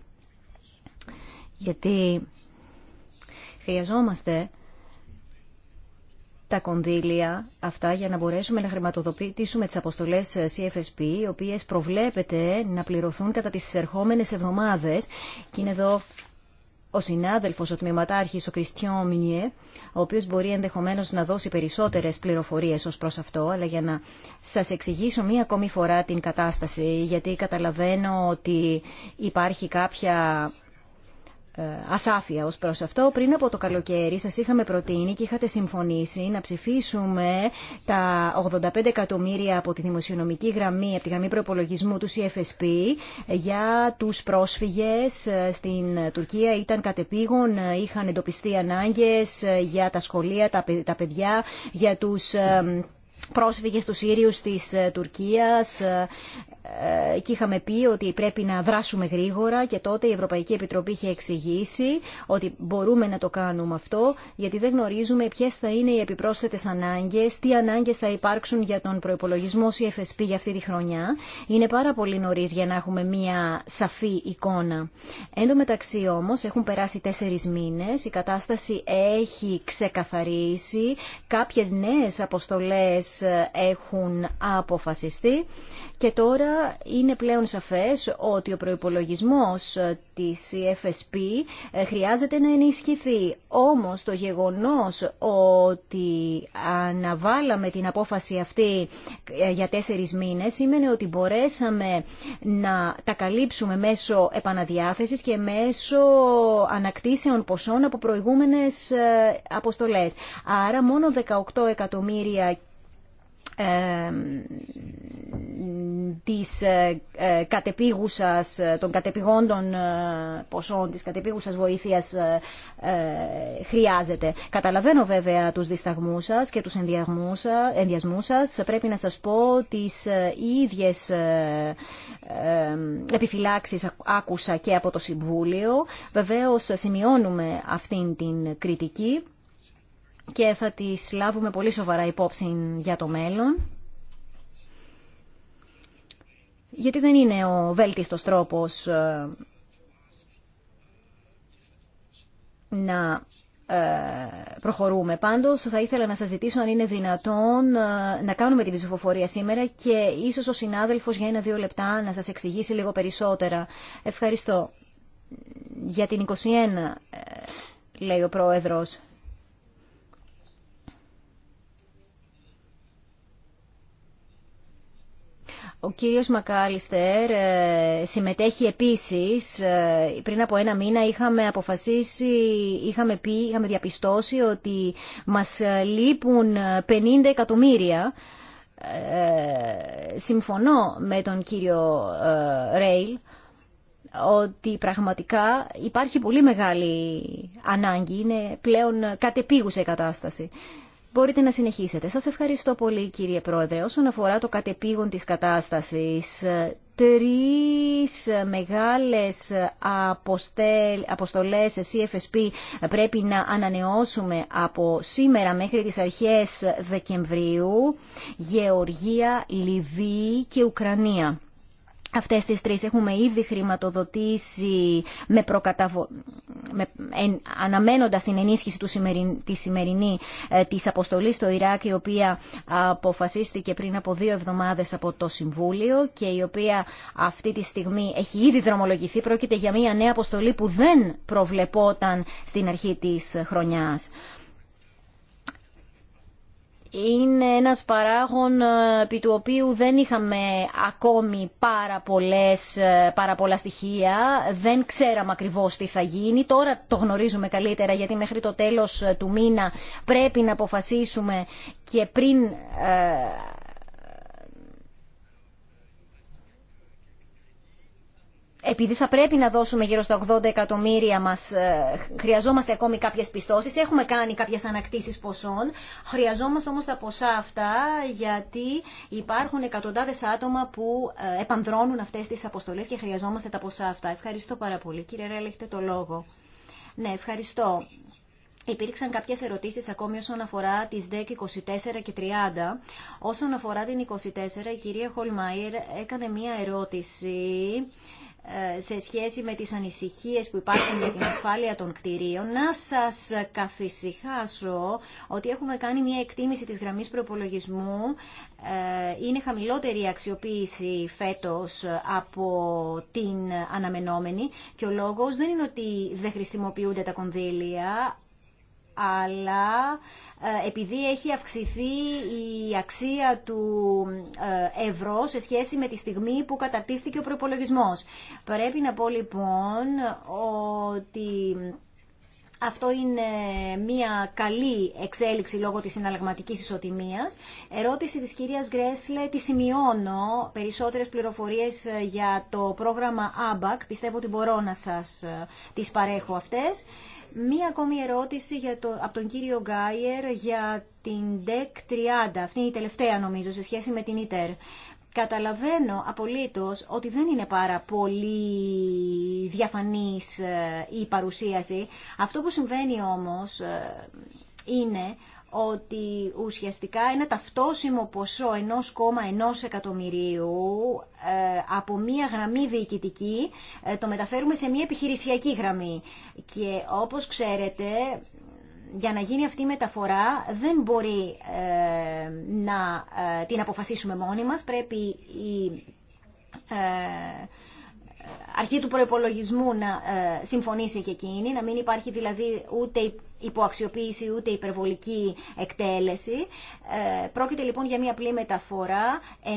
Speaker 4: Γιατί χρειαζόμαστε τα κονδύλια αυτά για να μπορέσουμε να χρηματοδοτήσουμε τις αποστολές ε, CFSP, οι οποίες προβλέπεται να πληρωθούν κατά τις ερχόμενες εβδομάδες. Και είναι εδώ ο συνάδελφος, ο τμήματάρχης, ο Κριστιό Μινιέ, ο οποίος μπορεί ενδεχομένως να δώσει περισσότερες πληροφορίες ως προς αυτό, αλλά για να σας εξηγήσω μία ακόμη φορά την κατάσταση, γιατί καταλαβαίνω ότι υπάρχει κάποια ε, ασάφεια ως προς αυτό. Πριν από το καλοκαίρι σας είχαμε προτείνει και είχατε συμφωνήσει να ψηφίσουμε τα 85 εκατομμύρια από τη δημοσιονομική γραμμή, από τη γραμμή προπολογισμού του CFSP για τους πρόσφυγες ε, στην Τουρκία. Ήταν κατεπήγον, ε, είχαν εντοπιστεί ανάγκες για τα σχολεία, τα παιδιά, για τους πρόσφυγες του Σύριου της Τουρκίας και είχαμε πει ότι πρέπει να δράσουμε γρήγορα και τότε η Ευρωπαϊκή Επιτροπή είχε εξηγήσει ότι μπορούμε να το κάνουμε αυτό γιατί δεν γνωρίζουμε ποιες θα είναι οι επιπρόσθετες ανάγκες, τι ανάγκες θα υπάρξουν για τον προϋπολογισμό CFSP για αυτή τη χρονιά. Είναι πάρα πολύ νωρί για να έχουμε μία σαφή εικόνα. Εν τω μεταξύ όμως έχουν περάσει τέσσερις μήνες, η κατάσταση έχει ξεκαθαρίσει, κάποιες νέες αποστολές έχουν αποφασιστεί και τώρα είναι πλέον σαφές ότι ο προϋπολογισμός της FSP ε, χρειάζεται να ενισχυθεί. Όμως το γεγονός ότι αναβάλαμε την απόφαση αυτή ε, για τέσσερις μήνες σήμαινε ότι μπορέσαμε να τα καλύψουμε μέσω επαναδιάθεσης και μέσω ανακτήσεων ποσών από προηγούμενες ε, αποστολές. Άρα μόνο 18 εκατομμύρια ε, της ε, κατεπίγουσας, ε, των κατεπηγόντων ποσών, της κατεπίγουσας βοήθειας χρειάζεται. Καταλαβαίνω βέβαια τους δισταγμούς σας και τους ενδιασμούς σας. Πρέπει να σας πω τις ίδιες επιφυλάξεις άκουσα και από το Συμβούλιο. Βεβαίως σημειώνουμε αυτήν την κριτική και θα τις λάβουμε πολύ σοβαρά υπόψη για το μέλλον. Γιατί δεν είναι ο βέλτιστος τρόπος ε, να ε, προχωρούμε. Πάντως θα ήθελα να σας ζητήσω αν είναι δυνατόν ε, να κάνουμε την ψηφοφορία σήμερα και ίσως ο συνάδελφος για ένα-δύο λεπτά να σας εξηγήσει λίγο περισσότερα. Ευχαριστώ. Για την 21 λέει ο Πρόεδρος. Ο κύριος Μακάλιστερ ε, συμμετέχει επίσης. Ε, πριν από ένα μήνα είχαμε αποφασίσει, είχαμε πει, είχαμε διαπιστώσει ότι μας λείπουν 50 εκατομμύρια. Ε, συμφωνώ με τον κύριο Ρέιλ ότι πραγματικά υπάρχει πολύ μεγάλη ανάγκη, είναι πλέον κατεπίγουσα η κατάσταση. Μπορείτε να συνεχίσετε. Σας ευχαριστώ πολύ κύριε Πρόεδρε. Όσον αφορά το κατεπήγον της κατάστασης, τρεις μεγάλες αποστολές σε CFSP πρέπει να ανανεώσουμε από σήμερα μέχρι τις αρχές Δεκεμβρίου, Γεωργία, Λιβύη και Ουκρανία. Αυτές τις τρεις έχουμε ήδη χρηματοδοτήσει με προκαταβο... με... αναμένοντας την ενίσχυση του της σημερινή ε, της αποστολής στο Ιράκ η οποία αποφασίστηκε πριν από δύο εβδομάδες από το Συμβούλιο και η οποία αυτή τη στιγμή έχει ήδη δρομολογηθεί. Πρόκειται για μια νέα αποστολή που δεν προβλεπόταν στην αρχή της χρονιάς είναι ένας παράγων ε, επί του οποίου δεν είχαμε ακόμη πάρα, πολλές, ε, πάρα πολλά στοιχεία, δεν ξέραμε ακριβώς τι θα γίνει. Τώρα το γνωρίζουμε καλύτερα γιατί μέχρι το τέλος ε, του μήνα πρέπει να αποφασίσουμε και πριν επειδή θα πρέπει να δώσουμε γύρω στα 80 εκατομμύρια μας, ε, χρειαζόμαστε ακόμη κάποιες πιστώσεις, έχουμε κάνει κάποιες ανακτήσεις ποσών, χρειαζόμαστε όμως τα ποσά αυτά γιατί υπάρχουν εκατοντάδες άτομα που ε, επανδρώνουν αυτές τις αποστολές και χρειαζόμαστε τα ποσά αυτά. Ευχαριστώ πάρα πολύ. Κύριε Ρέλ, το λόγο. Ναι, ευχαριστώ. Υπήρξαν κάποιε ερωτήσει ακόμη όσον αφορά τι 10, 24 και 30. Όσον αφορά την 24, η κυρία Χολμάιερ έκανε μία ερώτηση ε, σε σχέση με τις ανησυχίες που υπάρχουν για την ασφάλεια των κτηρίων, να σας καθησυχάσω ότι έχουμε κάνει μια εκτίμηση της γραμμής προπολογισμού. Ε, είναι χαμηλότερη η αξιοποίηση φέτος από την αναμενόμενη και ο λόγος δεν είναι ότι δεν χρησιμοποιούνται τα κονδύλια, αλλά ε, επειδή έχει αυξηθεί η αξία του ε, ευρώ σε σχέση με τη στιγμή που καταρτίστηκε ο προϋπολογισμός. Πρέπει να πω λοιπόν ότι αυτό είναι μια καλή εξέλιξη λόγω της συναλλαγματικής ισοτιμίας. Ερώτηση της κυρίας Γκρέσλε, τη σημειώνω περισσότερες πληροφορίες ε, για το πρόγραμμα ABAC. Πιστεύω ότι μπορώ να σας τις παρέχω αυτές. Μία ακόμη ερώτηση για το, από τον κύριο Γκάιερ για την DEC 30. Αυτή είναι η τελευταία νομίζω σε σχέση με την ΙΤΕΡ. Καταλαβαίνω απολύτως ότι δεν είναι πάρα πολύ διαφανής ε, η παρουσίαση. Αυτό που συμβαίνει όμως ε, είναι ότι ουσιαστικά ένα ταυτόσιμο ποσό 1,1 εκατομμυρίου ε, από μία γραμμή διοικητική ε, το μεταφέρουμε σε μία επιχειρησιακή γραμμή. Και όπως ξέρετε, για να γίνει αυτή η μεταφορά δεν μπορεί ε, να την αποφασίσουμε μόνοι μας. Πρέπει η αρχή του προπολογισμού να ε, συμφωνήσει και εκείνη, να μην υπάρχει δηλαδή ούτε υποαξιοποίηση ούτε υπερβολική εκτέλεση. Ε, πρόκειται λοιπόν για μια απλή μεταφορά 1,1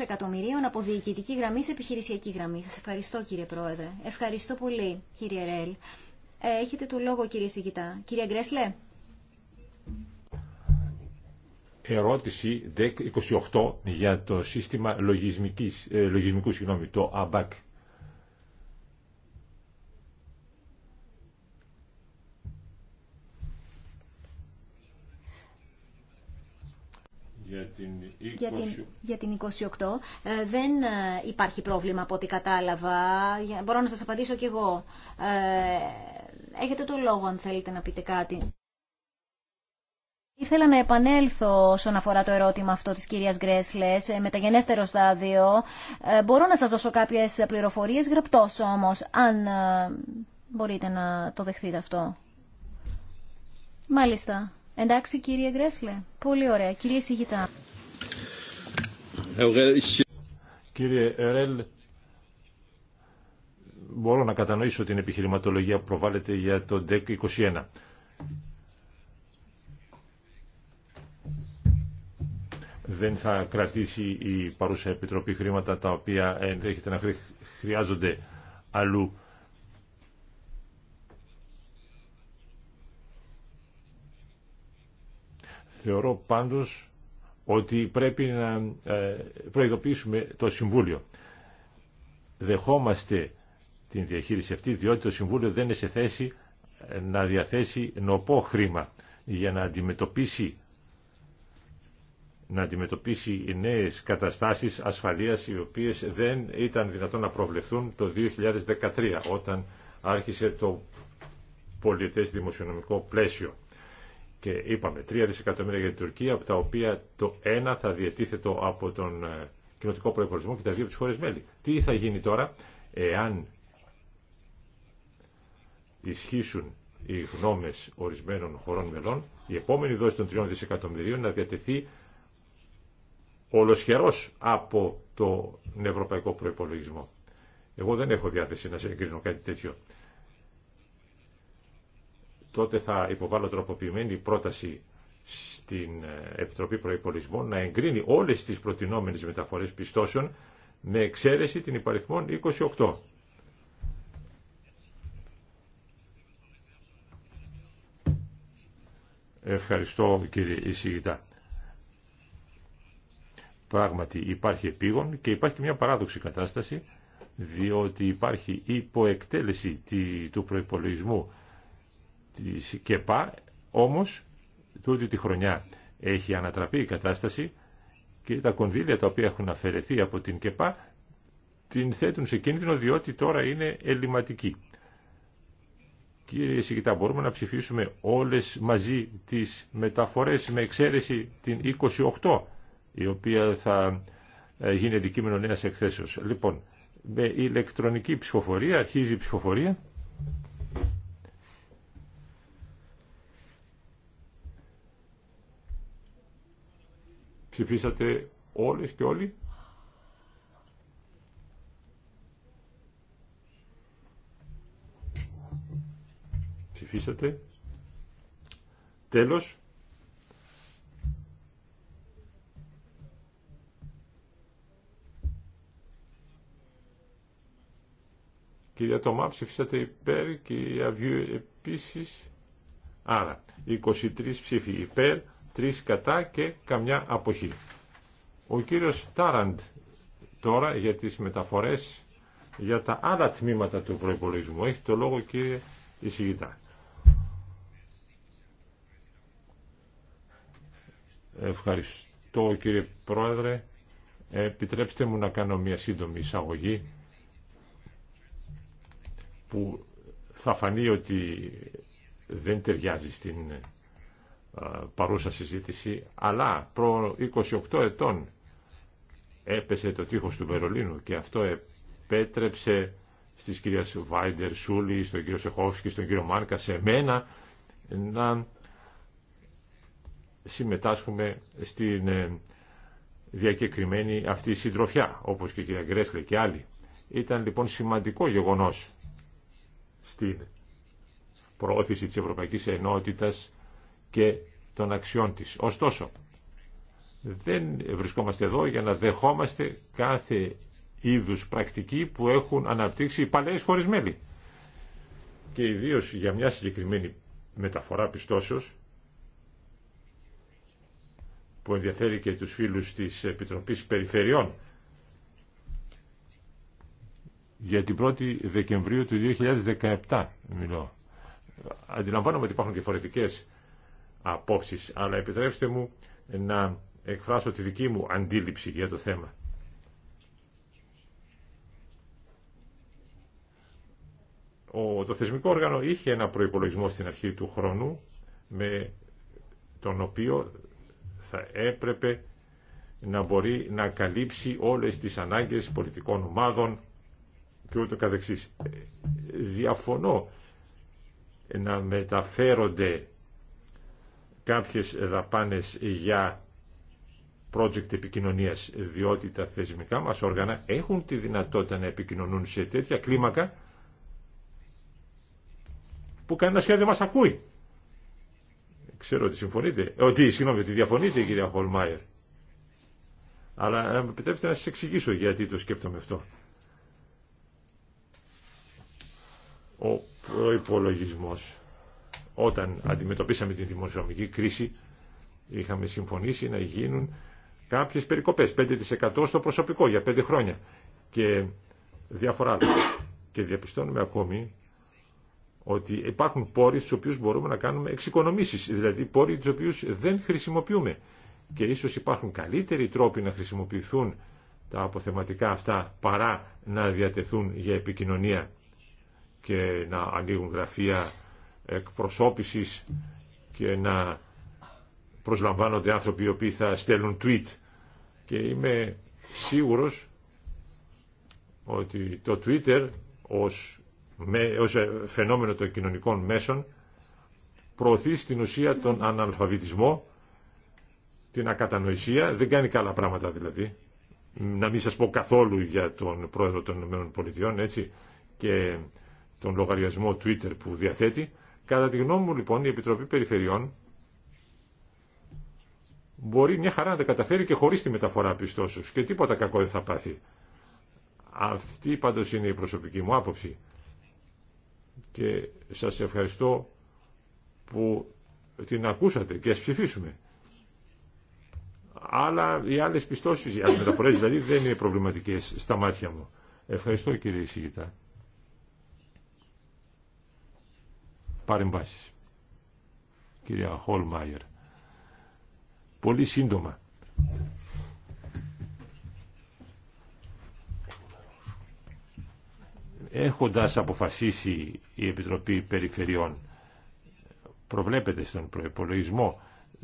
Speaker 4: εκατομμυρίων από διοικητική γραμμή σε επιχειρησιακή γραμμή. Σας ευχαριστώ κύριε Πρόεδρε. Ευχαριστώ πολύ κύριε Ρέλ. Ε, έχετε το λόγο κύριε Σιγητά. Κύριε Γκρέσλε.
Speaker 1: Ερώτηση 28 για το σύστημα λογισμικής, λογισμικού, συγγνώμη, το ABAC.
Speaker 4: Για την, 28 ε, δεν ε, υπάρχει πρόβλημα από ό,τι κατάλαβα. μπορώ να σας απαντήσω κι εγώ. Ε, έχετε το λόγο αν θέλετε να πείτε κάτι. Ήθελα να επανέλθω όσον αφορά το ερώτημα αυτό της κυρίας Γκρέσλες με γενέστερο στάδιο. μπορώ να σας δώσω κάποιες πληροφορίες γραπτός όμως, αν μπορείτε να το δεχτείτε αυτό. Μάλιστα. Εντάξει κύριε Γκρέσλε. Πολύ ωραία. Κύριε Σιγητά.
Speaker 1: Ε, κύριε Ερέλ, μπορώ να κατανοήσω την επιχειρηματολογία που προβάλλεται για το ΔΕΚ 21. Δεν θα κρατήσει η παρούσα Επιτροπή χρήματα τα οποία ενδέχεται να χρειάζονται αλλού Θεωρώ πάντως ότι πρέπει να ε, προειδοποιήσουμε το Συμβούλιο. Δεχόμαστε την διαχείριση αυτή, διότι το Συμβούλιο δεν είναι σε θέση ε, να διαθέσει νοπό χρήμα για να αντιμετωπίσει να αντιμετωπίσει νέες καταστάσεις ασφαλείας οι οποίες δεν ήταν δυνατόν να προβλεφθούν το 2013 όταν άρχισε το πολιτές δημοσιονομικό πλαίσιο και είπαμε 3 δισεκατομμύρια για την Τουρκία, από τα οποία το ένα θα διατίθεται από τον ε, κοινοτικό προπολογισμό και τα δύο από τι χώρε μέλη. Τι θα γίνει τώρα εάν ισχύσουν οι γνώμε ορισμένων χωρών μελών, η επόμενη δόση των 3 δισεκατομμυρίων να διατεθεί ολοσχερό από τον ευρωπαϊκό προπολογισμό. Εγώ δεν έχω διάθεση να συγκρίνω κάτι τέτοιο τότε θα υποβάλω τροποποιημένη πρόταση στην ε, Επιτροπή Προϋπολισμών να εγκρίνει όλες τις προτινόμενες μεταφορές πιστώσεων με εξαίρεση την υπαριθμών 28. Ευχαριστώ κύριε Ισηγητά. Πράγματι υπάρχει επίγον και υπάρχει μια παράδοξη κατάσταση διότι υπάρχει υποεκτέλεση του προϋπολογισμού της ΚΕΠΑ, όμως τούτη τη χρονιά έχει ανατραπεί η κατάσταση και τα κονδύλια τα οποία έχουν αφαιρεθεί από την ΚΕΠΑ την θέτουν σε κίνδυνο διότι τώρα είναι ελληματική. Κύριε Σιγητά, μπορούμε να ψηφίσουμε όλες μαζί τις μεταφορές με εξαίρεση την 28, η οποία θα ε, γίνει αντικείμενο νέας εκθέσεως. Λοιπόν, με ηλεκτρονική ψηφοφορία, αρχίζει η ψηφοφορία. Ψηφίσατε όλες και όλοι. Ψηφίσατε. Τέλος. Κυρία Τωμά, ψηφίσατε υπέρ, κυρία Βιού επίσης. Άρα, 23 ψήφοι υπέρ, Τρεις κατά και καμιά αποχή. Ο κύριος Τάραντ τώρα για τις μεταφορές για τα άλλα τμήματα του προϋπολογισμού. Έχει το λόγο κύριε Ισηγητά. Ευχαριστώ κύριε Πρόεδρε. Επιτρέψτε μου να κάνω μια σύντομη εισαγωγή που θα φανεί ότι δεν ταιριάζει στην ε, παρούσα συζήτηση, αλλά προ 28 ετών έπεσε το τείχος του Βερολίνου και αυτό επέτρεψε στις κυρίες Βάιντερ, Σούλη, στον κύριο Σεχόφσκι, στον κύριο Μάρκα, σε μένα να συμμετάσχουμε στην ε, διακεκριμένη αυτή συντροφιά, όπως και η κυρία Γκρέσλε και άλλοι. Ήταν λοιπόν σημαντικό γεγονός στην προώθηση της Ευρωπαϊκής Ενότητας και των αξιών της. Ωστόσο, δεν βρισκόμαστε εδώ για να δεχόμαστε κάθε είδους πρακτική που έχουν αναπτύξει οι παλαιές χωρίς μέλη. Και ιδίως για μια συγκεκριμένη μεταφορά πιστώσεως που ενδιαφέρει και τους φίλους της Επιτροπής Περιφερειών για την 1η Δεκεμβρίου του 2017 μιλώ. Αντιλαμβάνομαι ότι υπάρχουν φορετικές απόψεις, αλλά επιτρέψτε μου να εκφράσω τη δική μου αντίληψη για το θέμα. Ο, το θεσμικό όργανο είχε ένα προϋπολογισμό στην αρχή του χρόνου με τον οποίο θα έπρεπε να μπορεί να καλύψει όλες τις ανάγκες πολιτικών ομάδων και ούτω καθεξής. Ε, διαφωνώ να μεταφέρονται κάποιες δαπάνες για project επικοινωνίας, διότι τα θεσμικά μας όργανα έχουν τη δυνατότητα να επικοινωνούν σε τέτοια κλίμακα που κανένα σχέδιο μας ακούει. Ξέρω ότι συμφωνείτε, ότι, συγγνώμη, ότι διαφωνείτε κυρία Χολμάιερ. Αλλά να ε, να σας εξηγήσω γιατί το σκέπτομαι αυτό. Ο προϋπολογισμός όταν αντιμετωπίσαμε την δημοσιονομική κρίση, είχαμε συμφωνήσει να γίνουν κάποιες περικοπές, 5% στο προσωπικό για 5 χρόνια και διάφορα Και διαπιστώνουμε ακόμη ότι υπάρχουν πόροι στους οποίους μπορούμε να κάνουμε εξοικονομήσεις, δηλαδή πόροι τους οποίους δεν χρησιμοποιούμε. Και ίσως υπάρχουν καλύτεροι τρόποι να χρησιμοποιηθούν τα αποθεματικά αυτά παρά να διατεθούν για επικοινωνία και να ανοίγουν γραφεία εκπροσώπησης και να προσλαμβάνονται άνθρωποι οι οποίοι θα στέλνουν tweet και είμαι σίγουρος ότι το Twitter ως, ως φαινόμενο των κοινωνικών μέσων προωθεί στην ουσία τον αναλφαβητισμό, την ακατανοησία, δεν κάνει καλά πράγματα δηλαδή, να μην σας πω καθόλου για τον πρόεδρο των ΗΠΑ, έτσι, και τον λογαριασμό Twitter που διαθέτει, Κατά τη γνώμη μου λοιπόν η Επιτροπή Περιφερειών μπορεί μια χαρά να τα καταφέρει και χωρίς τη μεταφορά πιστώσεως και τίποτα κακό δεν θα πάθει. Αυτή πάντως είναι η προσωπική μου άποψη. Και σας ευχαριστώ που την ακούσατε και ας ψηφίσουμε. Αλλά οι άλλες πιστώσεις, οι άλλες μεταφορές δηλαδή δεν είναι προβληματικές στα μάτια μου. Ευχαριστώ κύριε Ισηγητά. παρεμβάσεις. Κυρία Χολμάιερ, πολύ σύντομα. Έχοντας αποφασίσει η Επιτροπή Περιφερειών, προβλέπεται στον προϋπολογισμό,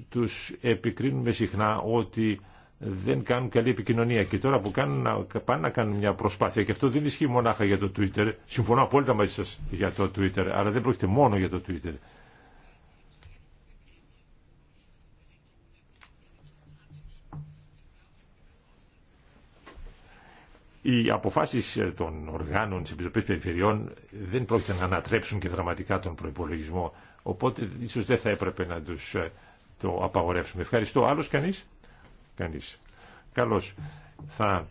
Speaker 1: τους επικρίνουμε συχνά ότι δεν κάνουν καλή επικοινωνία. Και τώρα που κάνουν, πάνε να κάνουν μια προσπάθεια, και αυτό δεν ισχύει μονάχα για το Twitter, συμφωνώ απόλυτα μαζί σα για το Twitter, αλλά δεν πρόκειται μόνο για το Twitter. Οι αποφάσει των οργάνων τη Επιτροπή Περιφερειών δεν πρόκειται να ανατρέψουν και δραματικά τον προπολογισμό. Οπότε ίσω δεν θα έπρεπε να του ε, το απαγορεύσουμε. Ευχαριστώ. Άλλο κανεί κανείς. Καλώς. Θα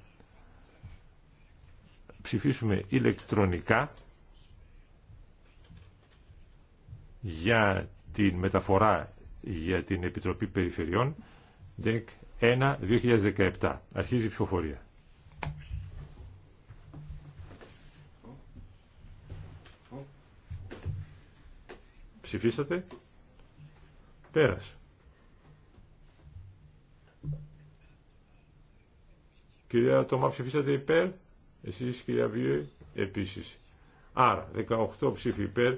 Speaker 1: ψηφίσουμε ηλεκτρονικά για την μεταφορά για την Επιτροπή Περιφερειών ΔΕΚ 1 2017. Αρχίζει η ψηφοφορία. Ψηφίσατε. Πέρασε. Κυρία Τωμά, ψηφίσατε υπέρ. Εσείς, κυρία Βιέ, επίση. Άρα, 18 ψήφοι υπέρ,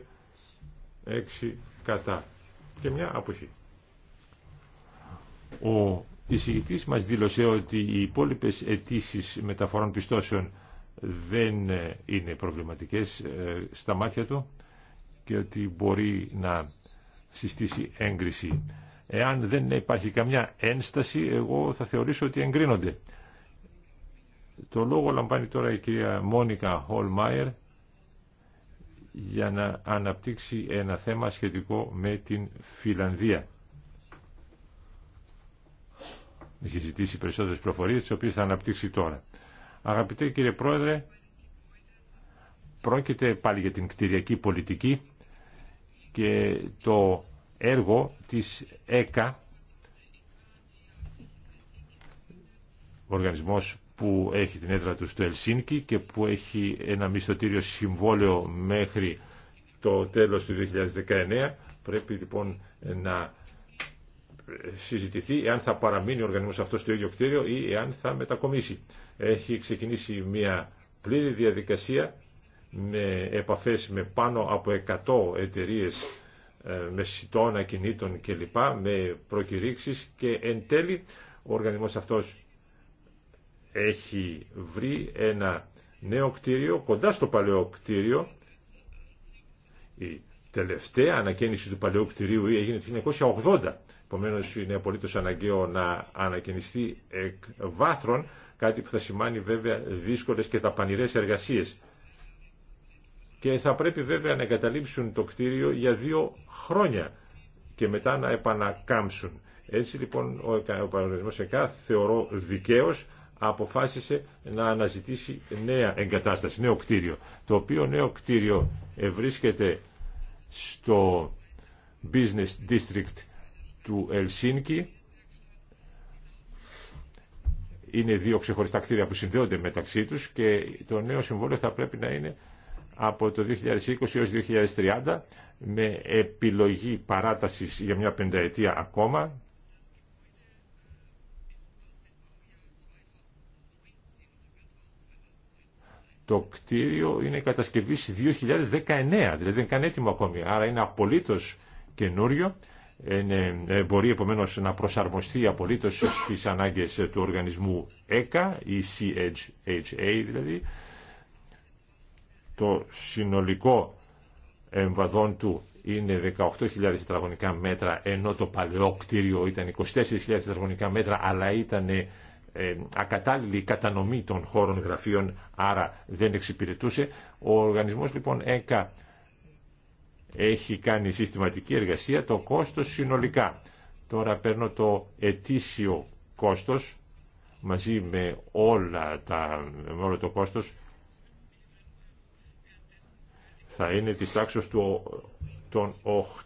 Speaker 1: 6 κατά και μια αποχή. Ο εισηγητή μα δήλωσε ότι οι υπόλοιπε αιτήσει μεταφορών πιστώσεων δεν ε, είναι προβληματικές ε, στα μάτια του και ότι μπορεί να συστήσει έγκριση. Εάν δεν υπάρχει καμιά ένσταση, εγώ θα θεωρήσω ότι εγκρίνονται. Το λόγο λαμβάνει τώρα η κυρία Μόνικα Χολμάιερ για να αναπτύξει ένα θέμα σχετικό με την Φιλανδία. Έχει ζητήσει περισσότερες προφορίες, τις οποίες θα αναπτύξει τώρα. Αγαπητέ κύριε Πρόεδρε, πρόκειται πάλι για την κτηριακή πολιτική και το έργο της ΕΚΑ, Οργανισμός που έχει την έδρα του στο Ελσίνκι και που έχει ένα μισθωτήριο συμβόλαιο μέχρι το τέλος του 2019. Πρέπει λοιπόν να συζητηθεί εάν θα παραμείνει ο οργανισμός αυτός στο ίδιο κτίριο ή εάν θα μετακομίσει. Έχει ξεκινήσει μια πλήρη διαδικασία με επαφές με πάνω από 100 εταιρείες ε, με σιτών, ακινήτων κλπ, με προκηρύξεις και εν τέλει ο οργανισμός αυτός έχει βρει ένα νέο κτίριο κοντά στο παλαιό κτίριο. Η τελευταία ανακαίνιση του παλαιού κτιρίου έγινε το 1980. Επομένω είναι απολύτω αναγκαίο να ανακαινιστεί εκ βάθρων, κάτι που θα σημάνει βέβαια δύσκολε και ταπανηρέ εργασίε. Και θα πρέπει βέβαια να εγκαταλείψουν το κτίριο για δύο χρόνια και μετά να επανακάμψουν. Έτσι λοιπόν ο, παραγωγισμός ΕΚΑ θεωρώ δικαίως αποφάσισε να αναζητήσει νέα εγκατάσταση, νέο κτίριο. Το οποίο νέο κτίριο βρίσκεται στο Business District του Ελσίνκη. Είναι δύο ξεχωριστά κτίρια που συνδέονται μεταξύ τους και το νέο συμβόλαιο θα πρέπει να είναι από το 2020 έως 2030 με επιλογή παράτασης για μια πενταετία ακόμα το κτίριο είναι κατασκευή 2019, δηλαδή δεν καν έτοιμο ακόμη, άρα είναι απολύτως καινούριο, ε, μπορεί επομένως να προσαρμοστεί απολύτως στις ανάγκες του οργανισμού ΕΚΑ ή CHHA δηλαδή. Το συνολικό εμβαδόν του είναι 18.000 τετραγωνικά μέτρα, ενώ το παλαιό κτίριο ήταν 24.000 τετραγωνικά μέτρα, αλλά ήταν ε, ακατάλληλη κατανομή των χώρων γραφείων, άρα δεν εξυπηρετούσε. Ο οργανισμός λοιπόν ΕΚΑ έχει κάνει συστηματική εργασία το κόστος συνολικά. Τώρα παίρνω το ετήσιο κόστος μαζί με, όλα τα, με όλο το κόστος θα είναι της τάξης του, των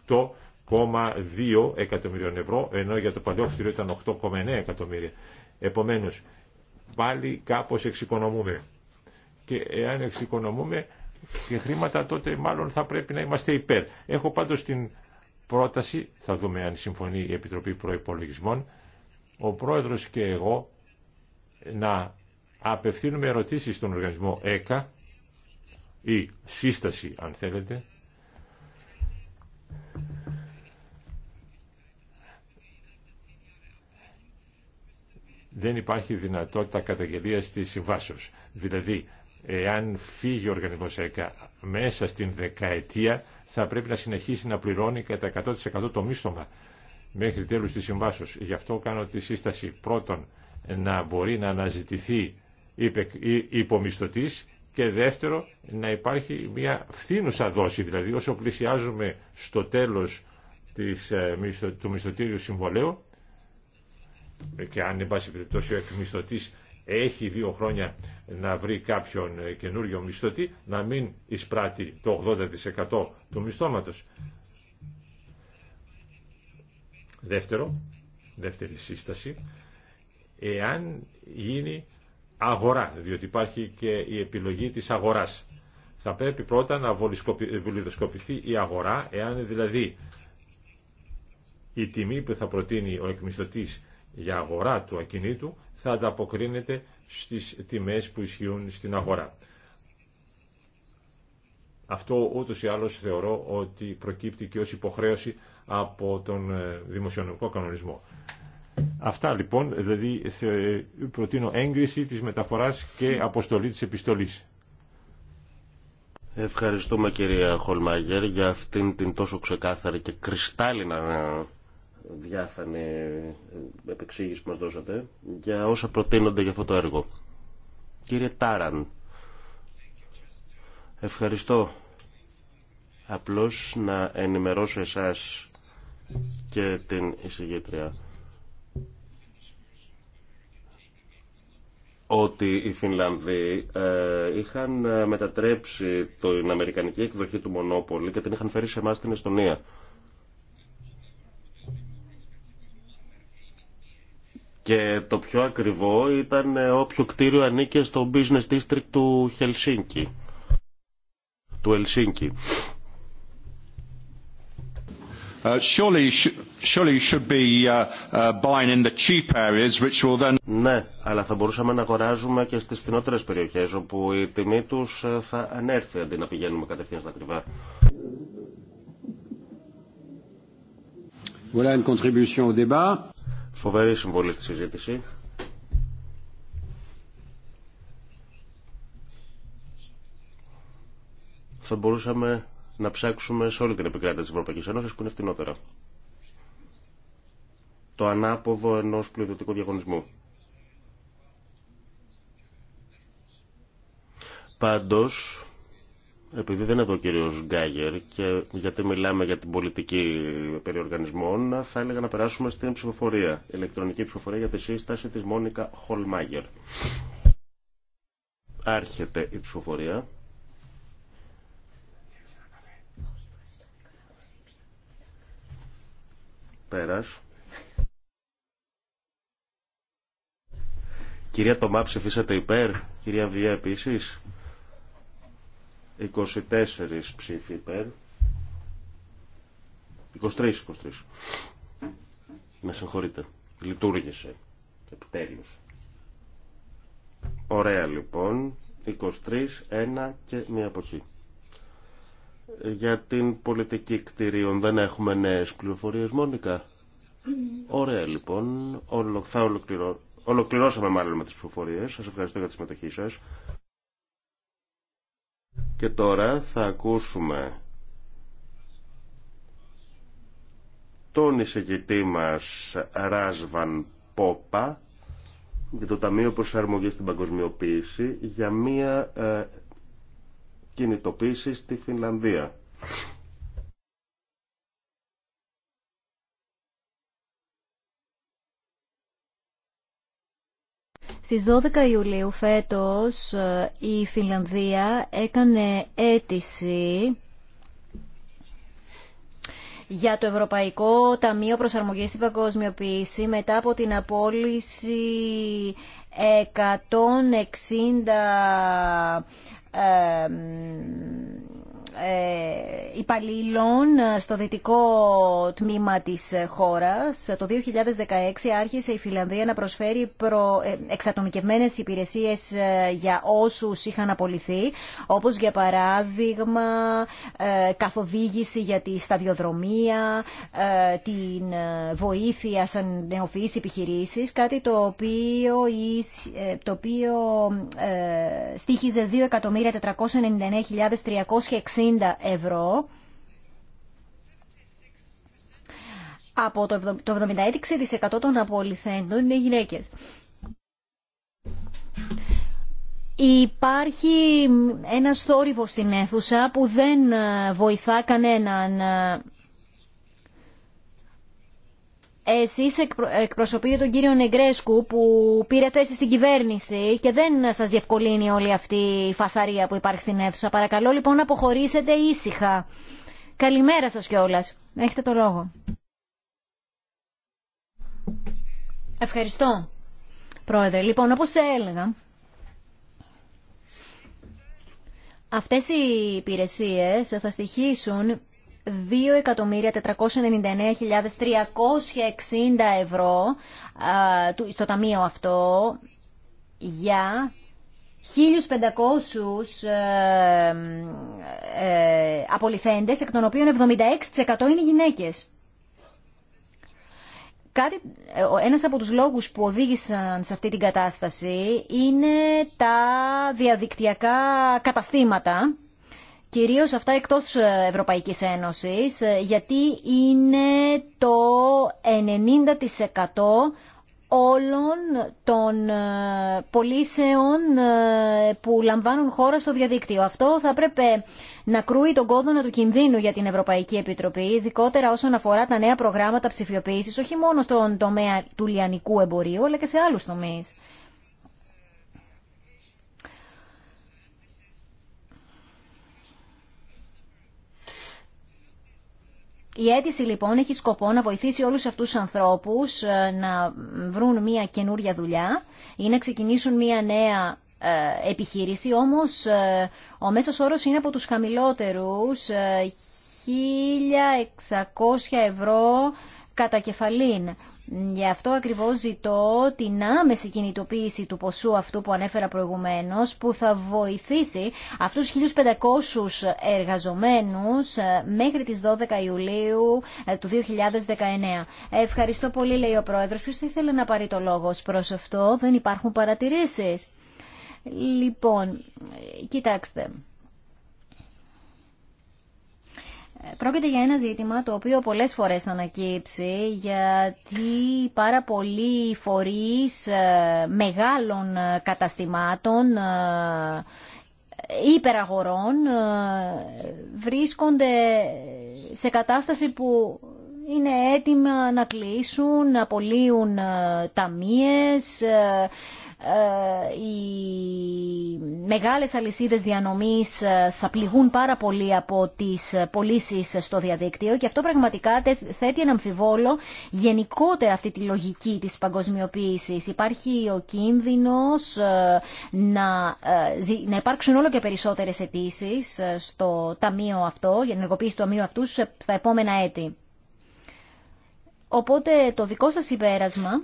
Speaker 1: 8,2 εκατομμυρίων ευρώ, ενώ για το παλιό φτύριο ήταν 8,9 εκατομμύρια. Επομένως, πάλι κάπως εξοικονομούμε. Και εάν εξοικονομούμε και χρήματα, τότε μάλλον θα πρέπει να είμαστε υπέρ. Έχω πάντως την πρόταση, θα δούμε αν συμφωνεί η Επιτροπή Προϋπολογισμών, ο Πρόεδρος και εγώ να απευθύνουμε ερωτήσεις στον οργανισμό ΕΚΑ ή σύσταση αν θέλετε δεν υπάρχει δυνατότητα καταγγελία τη συμβάσεω. Δηλαδή, εάν φύγει ο οργανισμός ΕΚΑ μέσα στην δεκαετία, θα πρέπει να συνεχίσει να πληρώνει κατά 100% το μίστομα μέχρι τέλους της συμβάσεω. Γι' αυτό κάνω τη σύσταση πρώτον να μπορεί να αναζητηθεί υπομισθωτή και δεύτερο να υπάρχει μια φθήνουσα δόση, δηλαδή όσο πλησιάζουμε στο τέλο ε, του μισθωτήριου συμβολέου ε, και αν εν πάση περιπτώσει ο εκμισθωτής έχει δύο χρόνια να βρει κάποιον ε, καινούριο μισθωτή να μην εισπράττει το 80% του μισθώματος. Δεύτερο, δεύτερη σύσταση, εάν γίνει αγορά, διότι υπάρχει και η επιλογή της αγοράς. Θα πρέπει πρώτα να ε, βουλιδοσκοπηθεί η αγορά, εάν δηλαδή η τιμή που θα προτείνει ο εκμισθωτής για αγορά του ακινήτου θα ανταποκρίνεται στις τιμές που ισχύουν στην αγορά. Αυτό ούτως ή άλλως θεωρώ ότι προκύπτει και ως υποχρέωση από τον ε, δημοσιονομικό κανονισμό. Αυτά λοιπόν, δηλαδή
Speaker 3: προτείνω έγκριση της μεταφοράς και αποστολή της επιστολής. Ευχαριστούμε κυρία Χολμάγερ για αυτήν την τόσο ξεκάθαρη και κρυστάλλινα ε, διάφανη επεξήγηση που μας δώσατε για όσα προτείνονται για αυτό το έργο. Κύριε Τάραν, ευχαριστώ. Απλώς να ενημερώσω εσάς και την εισηγήτρια ότι οι Φινλανδοί ε, είχαν ε, μετατρέψει την αμερικανική εκδοχή του Μονόπολη και την είχαν φέρει σε εμά στην Εστονία. Και το πιο ακριβό ήταν ε, όποιο κτίριο ανήκε στο business district του Χελσίνκη. Του Ελσίνκη. Uh, uh, uh, ναι, αλλά θα μπορούσαμε να αγοράζουμε και στις φθηνότερες περιοχές όπου η τιμή τους ε, θα ανέρθει αντί να πηγαίνουμε κατευθείαν στα ακριβά. Voilà une contribution au débat. Φοβερή συμβολή στη συζήτηση. Θα μπορούσαμε να ψάξουμε σε όλη την επικράτεια της Ευρωπαϊκής Ένωσης που είναι φτηνότερα. Το ανάποδο ενός πλειοδοτικού διαγωνισμού. Πάντως, επειδή δεν εδώ ο κύριος Γκάγερ και γιατί μιλάμε για την πολιτική περιοργανισμών, θα έλεγα να περάσουμε στην ψηφοφορία, ηλεκτρονική ψηφοφορία για τη σύσταση της Μόνικα Χολμάγερ. Άρχεται η ψηφοφορία. Πέρας. Κυρία Τομά, ψηφίσατε υπέρ. Κυρία Βία, επίσης. 24 ψήφοι υπέρ. 23, 23. Με συγχωρείτε. Λειτουργήσε. Επιτέλους. Ωραία λοιπόν. 23, 1 και μία αποχή. Για την πολιτική κτηρίων δεν έχουμε νέες πληροφορίες μόνικα. Ωραία λοιπόν. Θα ολοκληρώ... Ολοκληρώσαμε μάλλον με τις πληροφορίες. Σας ευχαριστώ για τη συμμετοχή σας. Και τώρα θα ακούσουμε τον εισηγητή μας Ράσβαν Πόπα για το Ταμείο Προσαρμογής στην Παγκοσμιοποίηση για μία ε, κινητοποίηση στη Φινλανδία.
Speaker 4: Στις 12 Ιουλίου φέτος ε, η Φιλανδία έκανε αίτηση για το Ευρωπαϊκό Ταμείο Προσαρμογής στην Παγκοσμιοποίηση μετά από την απόλυση 160 ε, υπαλλήλων στο δυτικό τμήμα της χώρας. Το 2016 άρχισε η Φιλανδία να προσφέρει προ... Ε, εξατομικευμένες υπηρεσίες ε, για όσους είχαν απολυθεί, όπως για παράδειγμα καθοδήγηση για τη σταδιοδρομία, την βοήθεια σαν νεοφυείς επιχειρήσεις, κάτι το οποίο, το οποίο στήχιζε 2.499.360 ευρώ από το 76% των απολυθέντων είναι γυναίκες. Υπάρχει ένα θόρυβο στην αίθουσα που δεν ε, βοηθά κανέναν ε, εσείς εκπροσωπείτε τον κύριο Νεγκρέσκου που πήρε θέση στην κυβέρνηση και δεν σας διευκολύνει όλη αυτή η φασαρία που υπάρχει στην αίθουσα. Παρακαλώ λοιπόν να αποχωρήσετε ήσυχα. Καλημέρα σας κιόλα. Έχετε το λόγο. Ευχαριστώ, Πρόεδρε. Λοιπόν, όπω έλεγα, αυτές οι υπηρεσίε θα στοιχήσουν 2.499.360 ευρώ στο ταμείο αυτό για 1.500 ε, ε, απολυθέντες, εκ των οποίων 76% είναι γυναίκες. Κάτι, ε, ένας από τους λόγους που οδήγησαν σε αυτή την κατάσταση είναι τα διαδικτυακά καταστήματα κυρίως αυτά εκτός ε, Ευρωπαϊκής Ένωσης, ε, γιατί είναι το 90% όλων των ε, πολίσεων που λαμβάνουν χώρα στο διαδίκτυο. Αυτό θα πρέπει να κρούει τον κόδωνα του κινδύνου για την Ευρωπαϊκή Επιτροπή, ειδικότερα όσον αφορά τα νέα προγράμματα ψηφιοποίησης, όχι μόνο στον τομέα του λιανικού εμπορίου, αλλά και σε άλλους τομείς. Η αίτηση λοιπόν έχει σκοπό να βοηθήσει όλους αυτούς τους ανθρώπους ε, να βρουν μια καινούρια δουλειά ή να ξεκινήσουν μια νέα ε, επιχείρηση, όμως ε, ο μέσος όρος είναι από τους χαμηλότερους 1.600 ευρώ κατά κεφαλήν. Γι' αυτό ακριβώς ζητώ την άμεση κινητοποίηση του ποσού αυτού που ανέφερα προηγουμένως που θα βοηθήσει αυτούς 1500 εργαζομένους ε, μέχρι τις 12 Ιουλίου ε, του 2019. Ευχαριστώ πολύ λέει ο Πρόεδρος. Ποιο θα ήθελε να πάρει το λόγο προ αυτό. Δεν υπάρχουν παρατηρήσεις. Λοιπόν, κοιτάξτε. Πρόκειται για ένα ζήτημα το οποίο πολλές φορές θα ανακύψει γιατί πάρα πολλοί φορείς ε, μεγάλων ε, καταστημάτων ε, υπεραγορών βρίσκονται σε κατάσταση που είναι έτοιμα να κλείσουν, να απολύουν ταμείες, ε, οι μεγάλες αλυσίδες διανομής ε, θα πληγούν πάρα πολύ από τις πωλήσει στο διαδίκτυο και αυτό πραγματικά θέτει ένα αμφιβόλο γενικότερα αυτή τη λογική της παγκοσμιοποίησης. Υπάρχει ο κίνδυνος ε, να, υπάρξουν όλο και περισσότερες αιτήσει στο ταμείο αυτό, για ενεργοποίηση του ταμείου αυτού στα επόμενα έτη. Οπότε το δικό σας συμπέρασμα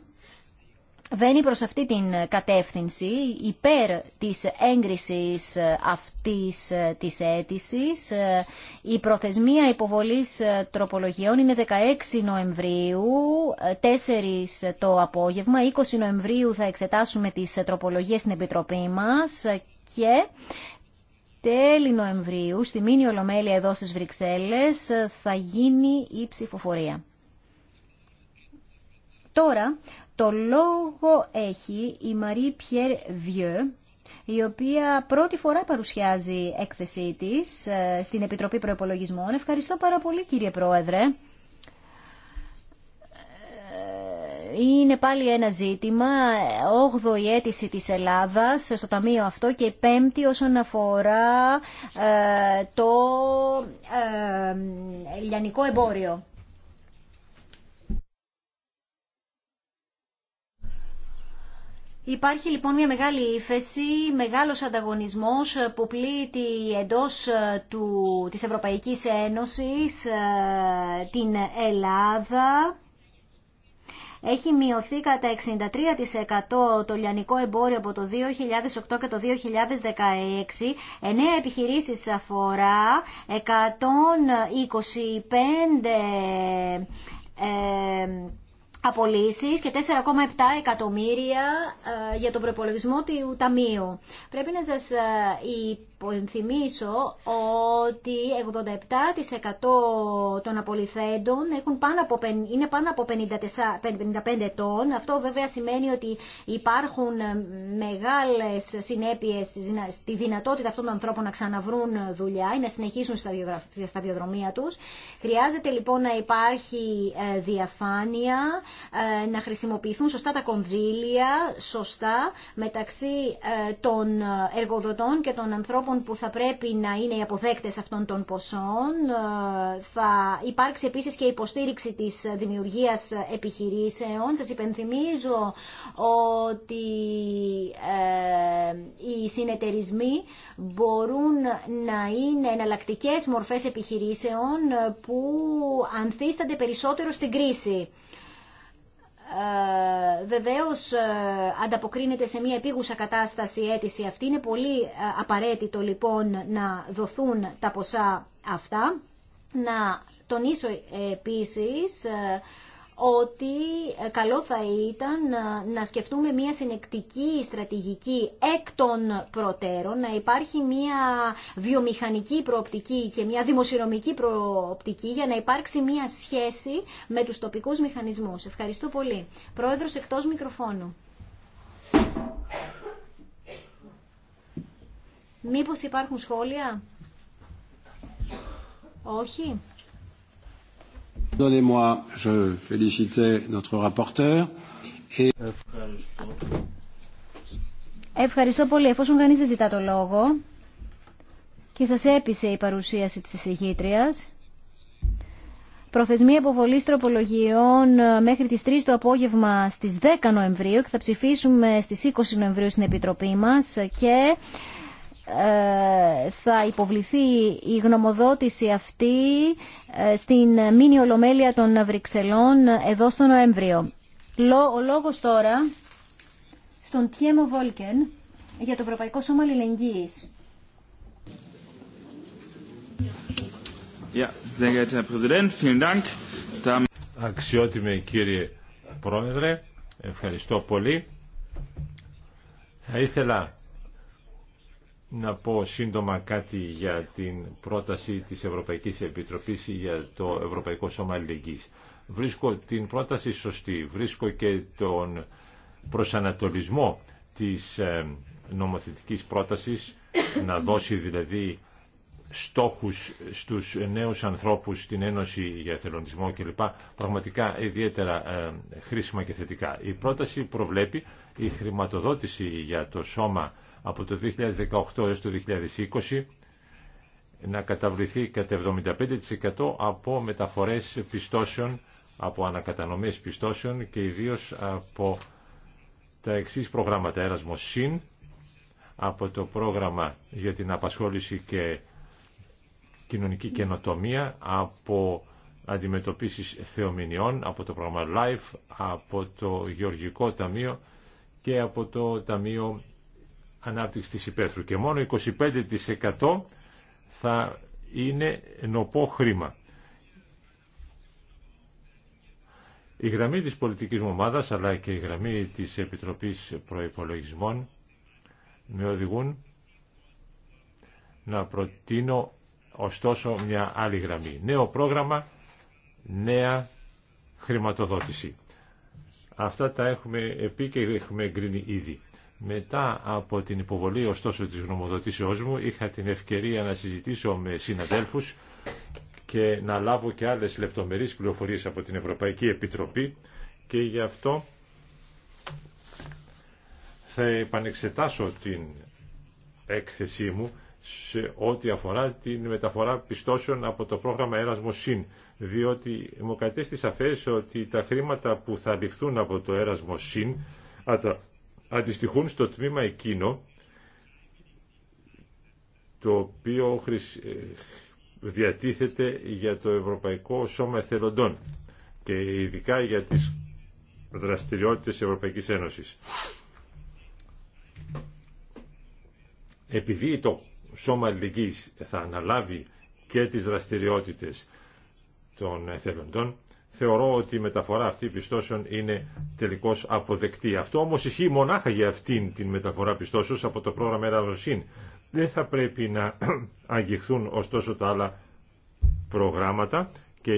Speaker 4: βαίνει προς αυτή την κατεύθυνση υπέρ της έγκρισης αυτής ε, της αίτησης. Ε, η προθεσμία υποβολής ε, τροπολογιών είναι 16 Νοεμβρίου, 4 το απόγευμα, 20 Νοεμβρίου θα εξετάσουμε τις τροπολογίες στην Επιτροπή μας και τέλη Νοεμβρίου, στη Μήνη Ολομέλεια εδώ στις Βρυξέλλες, θα γίνει η ψηφοφορία. Τώρα το λόγο έχει η Μαρή Πιέρ Βιέ, η οποία πρώτη φορά παρουσιάζει έκθεσή της ε, στην Επιτροπή Προϋπολογισμών. Ευχαριστώ πάρα πολύ κύριε Πρόεδρε. Ε, είναι πάλι ένα ζήτημα, 8η αίτηση της Ελλάδας στο ταμείο αυτό και 5η όσον αφορά ε, το λιανικό εμπόριο. Υπάρχει λοιπόν μια μεγάλη ύφεση, μεγάλος ανταγωνισμός ε, που πλήττει εντός ε, του, της Ευρωπαϊκής Ένωσης ε, την Ελλάδα. Έχει μειωθεί κατά 63% το λιανικό εμπόριο από το 2008 και το 2016. 9 επιχειρήσεις αφορά 125 απολύσεις και 4,7 εκατομμύρια ε, για τον προπολογισμό του Ταμείου. Πρέπει να σας ε, Ενθυμίσω ότι 87% των απολυθέντων έχουν πάνω από, είναι πάνω από 55 ετών. Αυτό βέβαια σημαίνει ότι υπάρχουν μεγάλες συνέπειες στη δυνατότητα αυτών των ανθρώπων να ξαναβρούν δουλειά ή να συνεχίσουν στα βιοδρομία τους. Χρειάζεται λοιπόν να υπάρχει ε, διαφάνεια, ε, να χρησιμοποιηθούν σωστά τα κονδύλια, σωστά μεταξύ ε, των εργοδοτών και των ανθρώπων που θα πρέπει να είναι οι αποδέκτες αυτών των ποσών. Ε, θα υπάρξει επίσης και υποστήριξη της δημιουργίας επιχειρήσεων. Σας υπενθυμίζω ότι ε, οι συνεταιρισμοί μπορούν να είναι εναλλακτικές μορφές επιχειρήσεων που ανθίστανται περισσότερο στην κρίση. Ε, βεβαίως ε, ανταποκρίνεται σε μια επίγουσα κατάσταση η αίτηση αυτή. Είναι πολύ ε, απαραίτητο λοιπόν να δοθούν τα ποσά αυτά. Να τονίσω επίσης ότι ε, καλό θα ήταν ε, να σκεφτούμε μια συνεκτική στρατηγική εκ των προτέρων, να υπάρχει μια βιομηχανική προοπτική και μια δημοσιονομική προοπτική για να υπάρξει μια σχέση με τους τοπικούς μηχανισμούς. Ευχαριστώ πολύ. Πρόεδρος εκτός μικροφώνου. Μήπως υπάρχουν σχόλια? Όχι. Ευχαριστώ. πολύ. Εφόσον κανεί δεν ζητά το λόγο και σα έπεισε η παρουσίαση της εισηγήτρια, προθεσμία αποβολή τροπολογιών ε, μέχρι τις 3 το απόγευμα στις 10 Νοεμβρίου και θα ψηφίσουμε στις 20 Νοεμβρίου στην Επιτροπή μας και ε, θα υποβληθεί η γνωμοδότηση αυτή ε, στην μήνυ ολομέλεια των Βρυξελών ε, εδώ στο Νοέμβριο. Ο λόγος τώρα στον Τιέμο Βόλκεν για το Ευρωπαϊκό Σώμα Αλληλεγγύης.
Speaker 1: Αξιότιμε κύριε Πρόεδρε, ευχαριστώ πολύ. Θα ήθελα να πω σύντομα κάτι για την πρόταση της Ευρωπαϊκής Επιτροπής για το Ευρωπαϊκό Σώμα Αλληλεγγύης. Βρίσκω την πρόταση σωστή, βρίσκω και τον προσανατολισμό της ε, νομοθετικής πρότασης να δώσει δηλαδή στόχους στους νέους ανθρώπους στην Ένωση για Εθελοντισμό κλπ. Πραγματικά ιδιαίτερα ε, χρήσιμα και θετικά. Η πρόταση προβλέπει η χρηματοδότηση για το σώμα από το 2018 έως το 2020 να καταβληθεί κατά 75% από μεταφορές πιστώσεων, από ανακατανομές πιστώσεων και ιδίως από τα εξής προγράμματα Erasmus ΣΥΝ, από το πρόγραμμα για την απασχόληση και κοινωνική καινοτομία, από αντιμετωπίσεις θεομηνιών, από το πρόγραμμα LIFE, από το Γεωργικό Ταμείο και από το Ταμείο ανάπτυξη της υπαίθρου και μόνο 25% θα είναι νοπό χρήμα. Η γραμμή της πολιτικής μου ομάδας αλλά και η γραμμή της Επιτροπής Προϋπολογισμών με οδηγούν να προτείνω ωστόσο μια άλλη γραμμή. Νέο πρόγραμμα, νέα χρηματοδότηση. Αυτά τα έχουμε πει και έχουμε εγκρίνει ήδη. Μετά από την υποβολή ωστόσο της γνωμοδοτήσεώς μου είχα την ευκαιρία να συζητήσω με συναδέλφους και να λάβω και άλλες λεπτομερείς πληροφορίες από την Ευρωπαϊκή Επιτροπή και γι' αυτό θα επανεξετάσω την έκθεσή μου σε ό,τι αφορά την μεταφορά πιστώσεων από το πρόγραμμα Erasmus Συν, διότι μου κατέστησε σαφές ότι τα χρήματα που θα ληφθούν από το Erasmus Συν αντιστοιχούν στο τμήμα εκείνο το οποίο ε, διατίθεται για το Ευρωπαϊκό Σώμα Εθελοντών και ειδικά για τις δραστηριότητες Ευρωπαϊκής Ένωσης. Επειδή το Σώμα Αλληλεγγύης θα αναλάβει και τις δραστηριότητες των εθελοντών, θεωρώ ότι η μεταφορά αυτή πιστώσεων είναι τελικώς αποδεκτή. Αυτό όμως ισχύει μονάχα για αυτήν την μεταφορά πιστώσεων από το πρόγραμμα Ερασμοσύν. Δεν θα πρέπει να <clears throat> αγγιχθούν ωστόσο τα άλλα προγράμματα και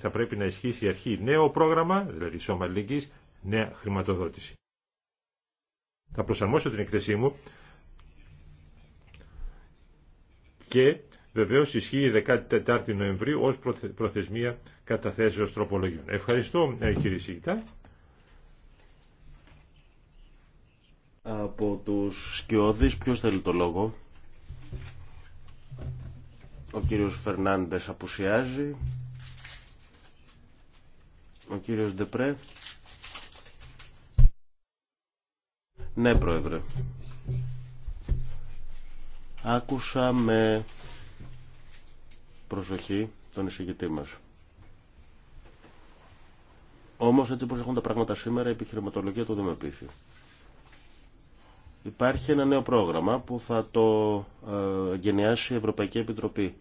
Speaker 1: θα πρέπει να ισχύσει η αρχή νέο πρόγραμμα, δηλαδή σώμα λίγη, νέα χρηματοδότηση. Θα προσαρμόσω την εκθεσή μου και βεβαίως ισχύει η 14η Νοεμβρίου ως προθεσμία καταθέσεως τροπολογιών.
Speaker 3: Ευχαριστώ ε, κύριε Σιγητά. Από τους σκιώδεις ποιος θέλει το λόγο. Ο κύριος Φερνάντες απουσιάζει. Ο κύριος Ντεπρέ. Ναι, Πρόεδρε. Άκουσα με προσοχή τον εισηγητή μας. Όμως έτσι όπως έχουν τα πράγματα σήμερα η επιχειρηματολογία το δεν με Υπάρχει ένα νέο πρόγραμμα που θα το ε, γενιάσει η Ευρωπαϊκή Επιτροπή.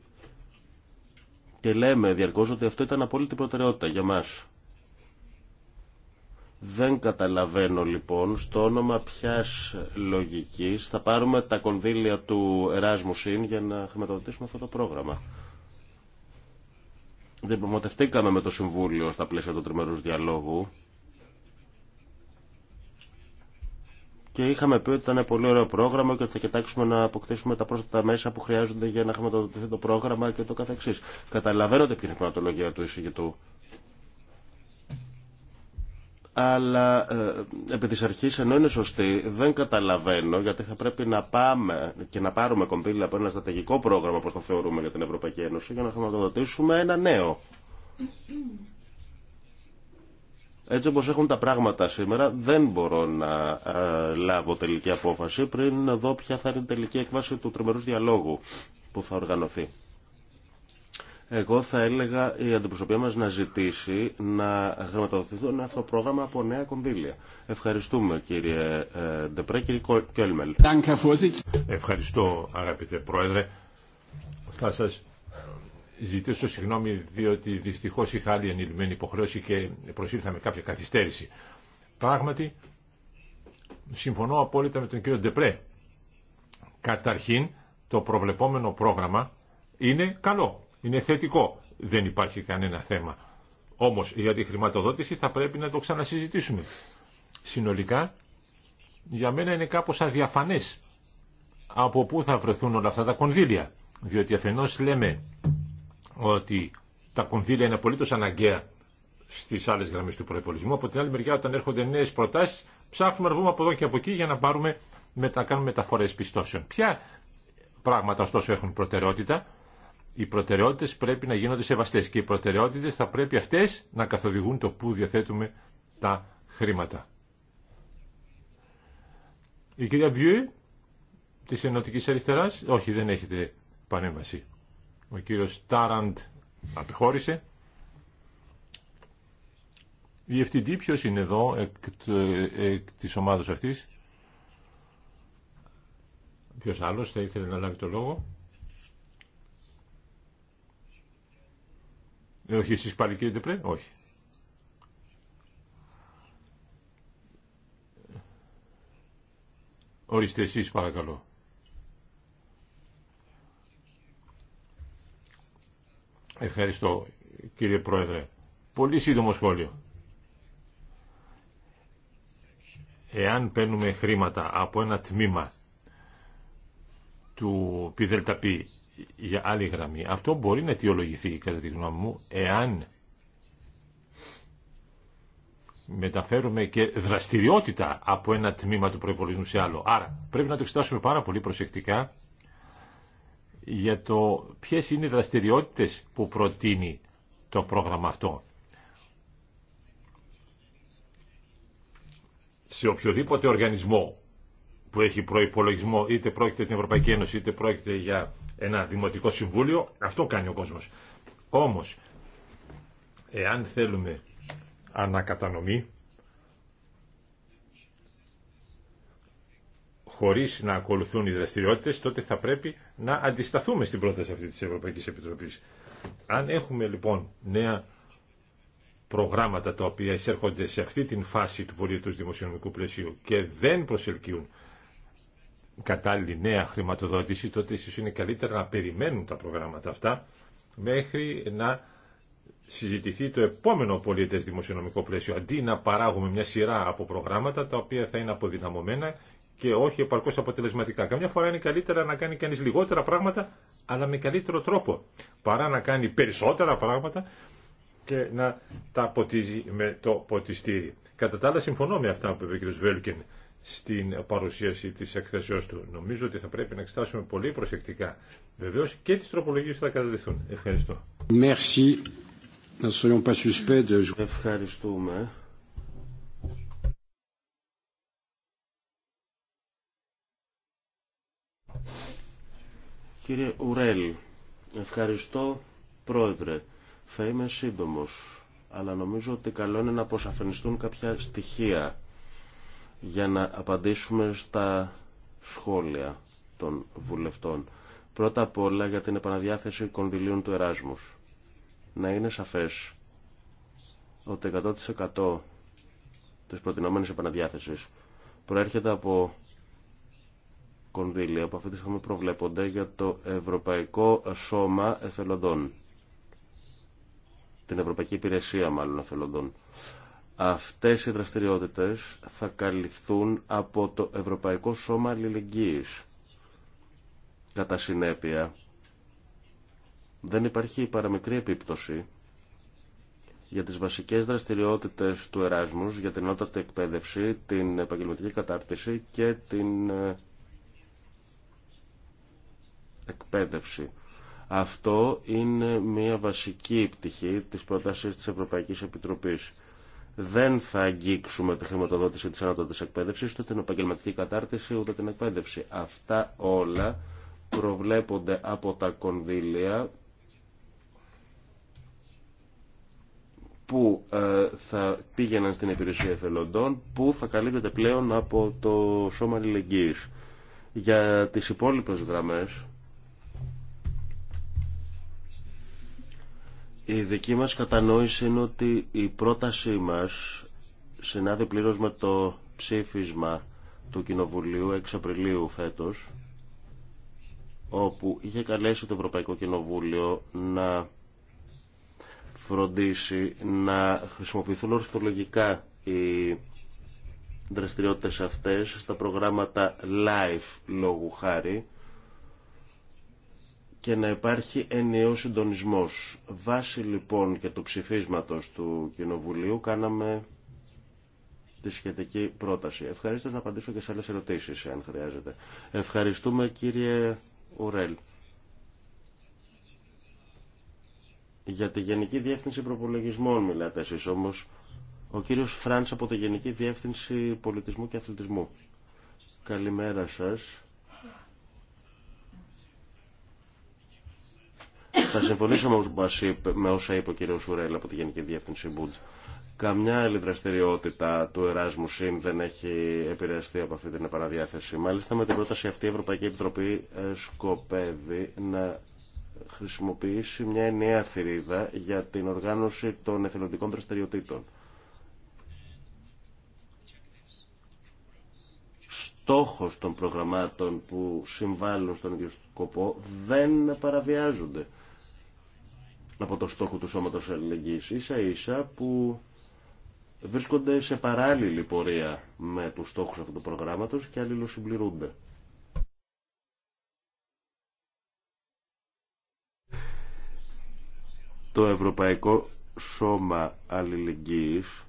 Speaker 3: Και λέμε διαρκώς ότι αυτό ήταν απόλυτη προτεραιότητα για μας. Δεν καταλαβαίνω λοιπόν στο όνομα ποιας λογικής θα πάρουμε τα κονδύλια του Erasmus για να χρηματοδοτήσουμε αυτό το πρόγραμμα διαπραγματευτήκαμε με το Συμβούλιο στα πλαίσια του τριμερούς διαλόγου και είχαμε πει ότι ήταν πολύ ωραίο πρόγραμμα και ότι θα κοιτάξουμε να αποκτήσουμε τα πρόσθετα μέσα που χρειάζονται για να χρηματοδοτηθεί το πρόγραμμα και το καθεξής. Καταλαβαίνω την πνευματολογία του εισηγητού αλλά ε, επί της αρχής ενώ είναι σωστή δεν καταλαβαίνω γιατί θα πρέπει να πάμε και να πάρουμε κονδύλια από ένα στρατηγικό πρόγραμμα όπως το θεωρούμε για την Ευρωπαϊκή Ένωση για να χρηματοδοτήσουμε ένα νέο. Έτσι όπως έχουν τα πράγματα σήμερα δεν μπορώ να ε, λάβω τελική απόφαση πριν δω ποια θα είναι η τελική εκβάση του τριμερούς διαλόγου που θα οργανωθεί. Εγώ θα έλεγα η αντιπροσωπεία μας να ζητήσει να χρηματοδοτηθούν αυτό το πρόγραμμα από νέα κονδύλια. Ευχαριστούμε κύριε ε, Ντεπρέ, κύριε Κέλμελ. Ευχαριστώ αγαπητέ Πρόεδρε.
Speaker 1: Θα σας ζητήσω συγγνώμη διότι δυστυχώς είχα άλλη ενηλυμένη υποχρέωση και προσήλθα με κάποια καθυστέρηση. Πράγματι, συμφωνώ απόλυτα με τον κύριο Ντεπρέ. Καταρχήν, το προβλεπόμενο πρόγραμμα είναι καλό είναι θετικό. Δεν υπάρχει κανένα θέμα. Όμως για τη χρηματοδότηση θα πρέπει να το ξανασυζητήσουμε. Συνολικά, για μένα είναι κάπως αδιαφανές από πού θα βρεθούν όλα αυτά τα κονδύλια. Διότι αφενός λέμε ότι τα κονδύλια είναι απολύτω αναγκαία στι άλλε γραμμέ του προπολογισμού. Από την άλλη μεριά, όταν έρχονται νέε προτάσει, ψάχνουμε να βγούμε από εδώ και από εκεί για να πάρουμε, να κάνουμε μεταφορέ πιστώσεων. Ποια πράγματα ωστόσο έχουν προτεραιότητα οι προτεραιότητε πρέπει να γίνονται σεβαστέ και οι προτεραιότητε θα πρέπει αυτέ να καθοδηγούν το που διαθέτουμε τα χρήματα. Η κυρία Μπιού τη ενωτική αριστερά, όχι δεν έχετε πανέμβαση. Ο κύριο Τάραντ απεχώρησε. Η ευθυντή ποιο είναι εδώ εκ, εκ της ομάδος αυτής. Ποιος άλλος θα ήθελε να λάβει το λόγο. Ε, όχι, εσείς πάλι κύριε Ντεπρέ, όχι. Ορίστε εσείς παρακαλώ. Ευχαριστώ κύριε Πρόεδρε. Πολύ σύντομο σχόλιο. Εάν παίρνουμε χρήματα από ένα τμήμα του πιδελταπή για άλλη γραμμή. Αυτό μπορεί να αιτιολογηθεί κατά τη γνώμη μου εάν μεταφέρουμε και δραστηριότητα από ένα τμήμα του προϋπολογισμού σε άλλο. Άρα πρέπει να το εξετάσουμε πάρα πολύ προσεκτικά για το ποιες είναι οι δραστηριότητες που προτείνει το πρόγραμμα αυτό. Σε οποιοδήποτε οργανισμό που έχει προπολογισμό είτε πρόκειται την Ευρωπαϊκή Ένωση είτε πρόκειται για ένα δημοτικό συμβούλιο, αυτό κάνει ο κόσμος. Όμως, εάν θέλουμε ανακατανομή, χωρίς να ακολουθούν οι δραστηριότητες, τότε θα πρέπει να αντισταθούμε στην πρόταση αυτή της Ευρωπαϊκής Επιτροπής. Αν έχουμε λοιπόν νέα προγράμματα τα οποία εισέρχονται σε αυτή την φάση του πολιτικού δημοσιονομικού πλαισίου και δεν προσελκύουν κατάλληλη νέα χρηματοδότηση, τότε ίσως είναι καλύτερα να περιμένουν τα προγράμματα αυτά μέχρι να συζητηθεί το επόμενο πολίτες δημοσιονομικό πλαίσιο, αντί να παράγουμε μια σειρά από προγράμματα τα οποία θα είναι αποδυναμωμένα και όχι επαρκώς αποτελεσματικά. Καμιά φορά είναι καλύτερα να κάνει κανείς λιγότερα πράγματα, αλλά με καλύτερο τρόπο, παρά να κάνει περισσότερα πράγματα και να τα ποτίζει με το ποτιστήρι. Κατά τα άλλα συμφωνώ με αυτά που είπε ο κ. Βέλκεν στην παρουσίαση τη εκθέσεώ του. Νομίζω ότι θα πρέπει να εξετάσουμε πολύ προσεκτικά. Βεβαίως και τις τροπολογίες θα καταδεχθούν. Ευχαριστώ.
Speaker 3: Merci. Ευχαριστούμε. Κύριε Ουρέλ, ευχαριστώ πρόεδρε. Θα είμαι σύντομος, αλλά νομίζω ότι καλό είναι να αποσαφενιστούν κάποια στοιχεία για να απαντήσουμε στα σχόλια των βουλευτών. Πρώτα απ' όλα για την επαναδιάθεση κονδυλίων του Εράσμους. Να είναι σαφές ότι 100% της προτινόμενης επαναδιάθεσης προέρχεται από κονδύλια που αυτή τη στιγμή προβλέπονται για το Ευρωπαϊκό Σώμα Εθελοντών. Την Ευρωπαϊκή Υπηρεσία μάλλον Εθελοντών. Αυτές οι δραστηριότητες θα καλυφθούν από το Ευρωπαϊκό Σώμα Αλληλεγγύης. Κατά συνέπεια, δεν υπάρχει παραμικρή επίπτωση για τις βασικές δραστηριότητες του Εράσμους, για την ότατη εκπαίδευση, την επαγγελματική κατάρτιση και την ε, εκπαίδευση. Αυτό είναι μια βασική πτυχή της προτάσης της Ευρωπαϊκής Επιτροπής δεν θα αγγίξουμε τη χρηματοδότηση της ανώτατης εκπαίδευσης, ούτε την επαγγελματική κατάρτιση, ούτε την εκπαίδευση. Αυτά όλα προβλέπονται από τα κονδύλια που ε, θα πήγαιναν στην υπηρεσία εθελοντών, που θα καλύπτονται πλέον από το σώμα αλληλεγγύης. Για τις υπόλοιπες δραμές, Η δική μας κατανόηση είναι ότι η πρότασή μας συνάδει πλήρως με το ψήφισμα του Κοινοβουλίου 6 Απριλίου φέτος όπου είχε καλέσει το Ευρωπαϊκό Κοινοβούλιο να φροντίσει να χρησιμοποιηθούν ορθολογικά οι δραστηριότητες αυτές στα προγράμματα live λόγου χάρη και να υπάρχει ενιαίος συντονισμός. Βάσει λοιπόν και του ψηφίσματος του Κοινοβουλίου κάναμε τη σχετική πρόταση. Ευχαριστώ να απαντήσω και σε άλλες ερωτήσεις, αν χρειάζεται. Ευχαριστούμε κύριε Ουρέλ. Για τη Γενική Διεύθυνση Προπολογισμών μιλάτε εσείς όμως. Ο κύριος Φράνς από τη Γενική Διεύθυνση Πολιτισμού και Αθλητισμού. Καλημέρα σας. Θα συμφωνήσω με όσα είπε ο κ. Σουρέλ από τη Γενική Διεύθυνση Μπούτζ. Καμιά άλλη δραστηριότητα του Εράσμου ΣΥΝ δεν έχει επηρεαστεί από αυτή την επαναδιάθεση. Μάλιστα με την πρόταση αυτή η Ευρωπαϊκή Επιτροπή ε, σκοπεύει να χρησιμοποιήσει μια ενιαία θηρίδα για την οργάνωση των εθελοντικών δραστηριοτήτων. Στόχος των προγραμμάτων που συμβάλλουν στον ίδιο σκοπό δεν παραβιάζονται από το στόχο του σώματος αλληλεγγύης ίσα ίσα που βρίσκονται σε παράλληλη πορεία με τους στόχους αυτού του προγράμματος και αλληλοσυμπληρούνται. Το Ευρωπαϊκό Σώμα Αλληλεγγύης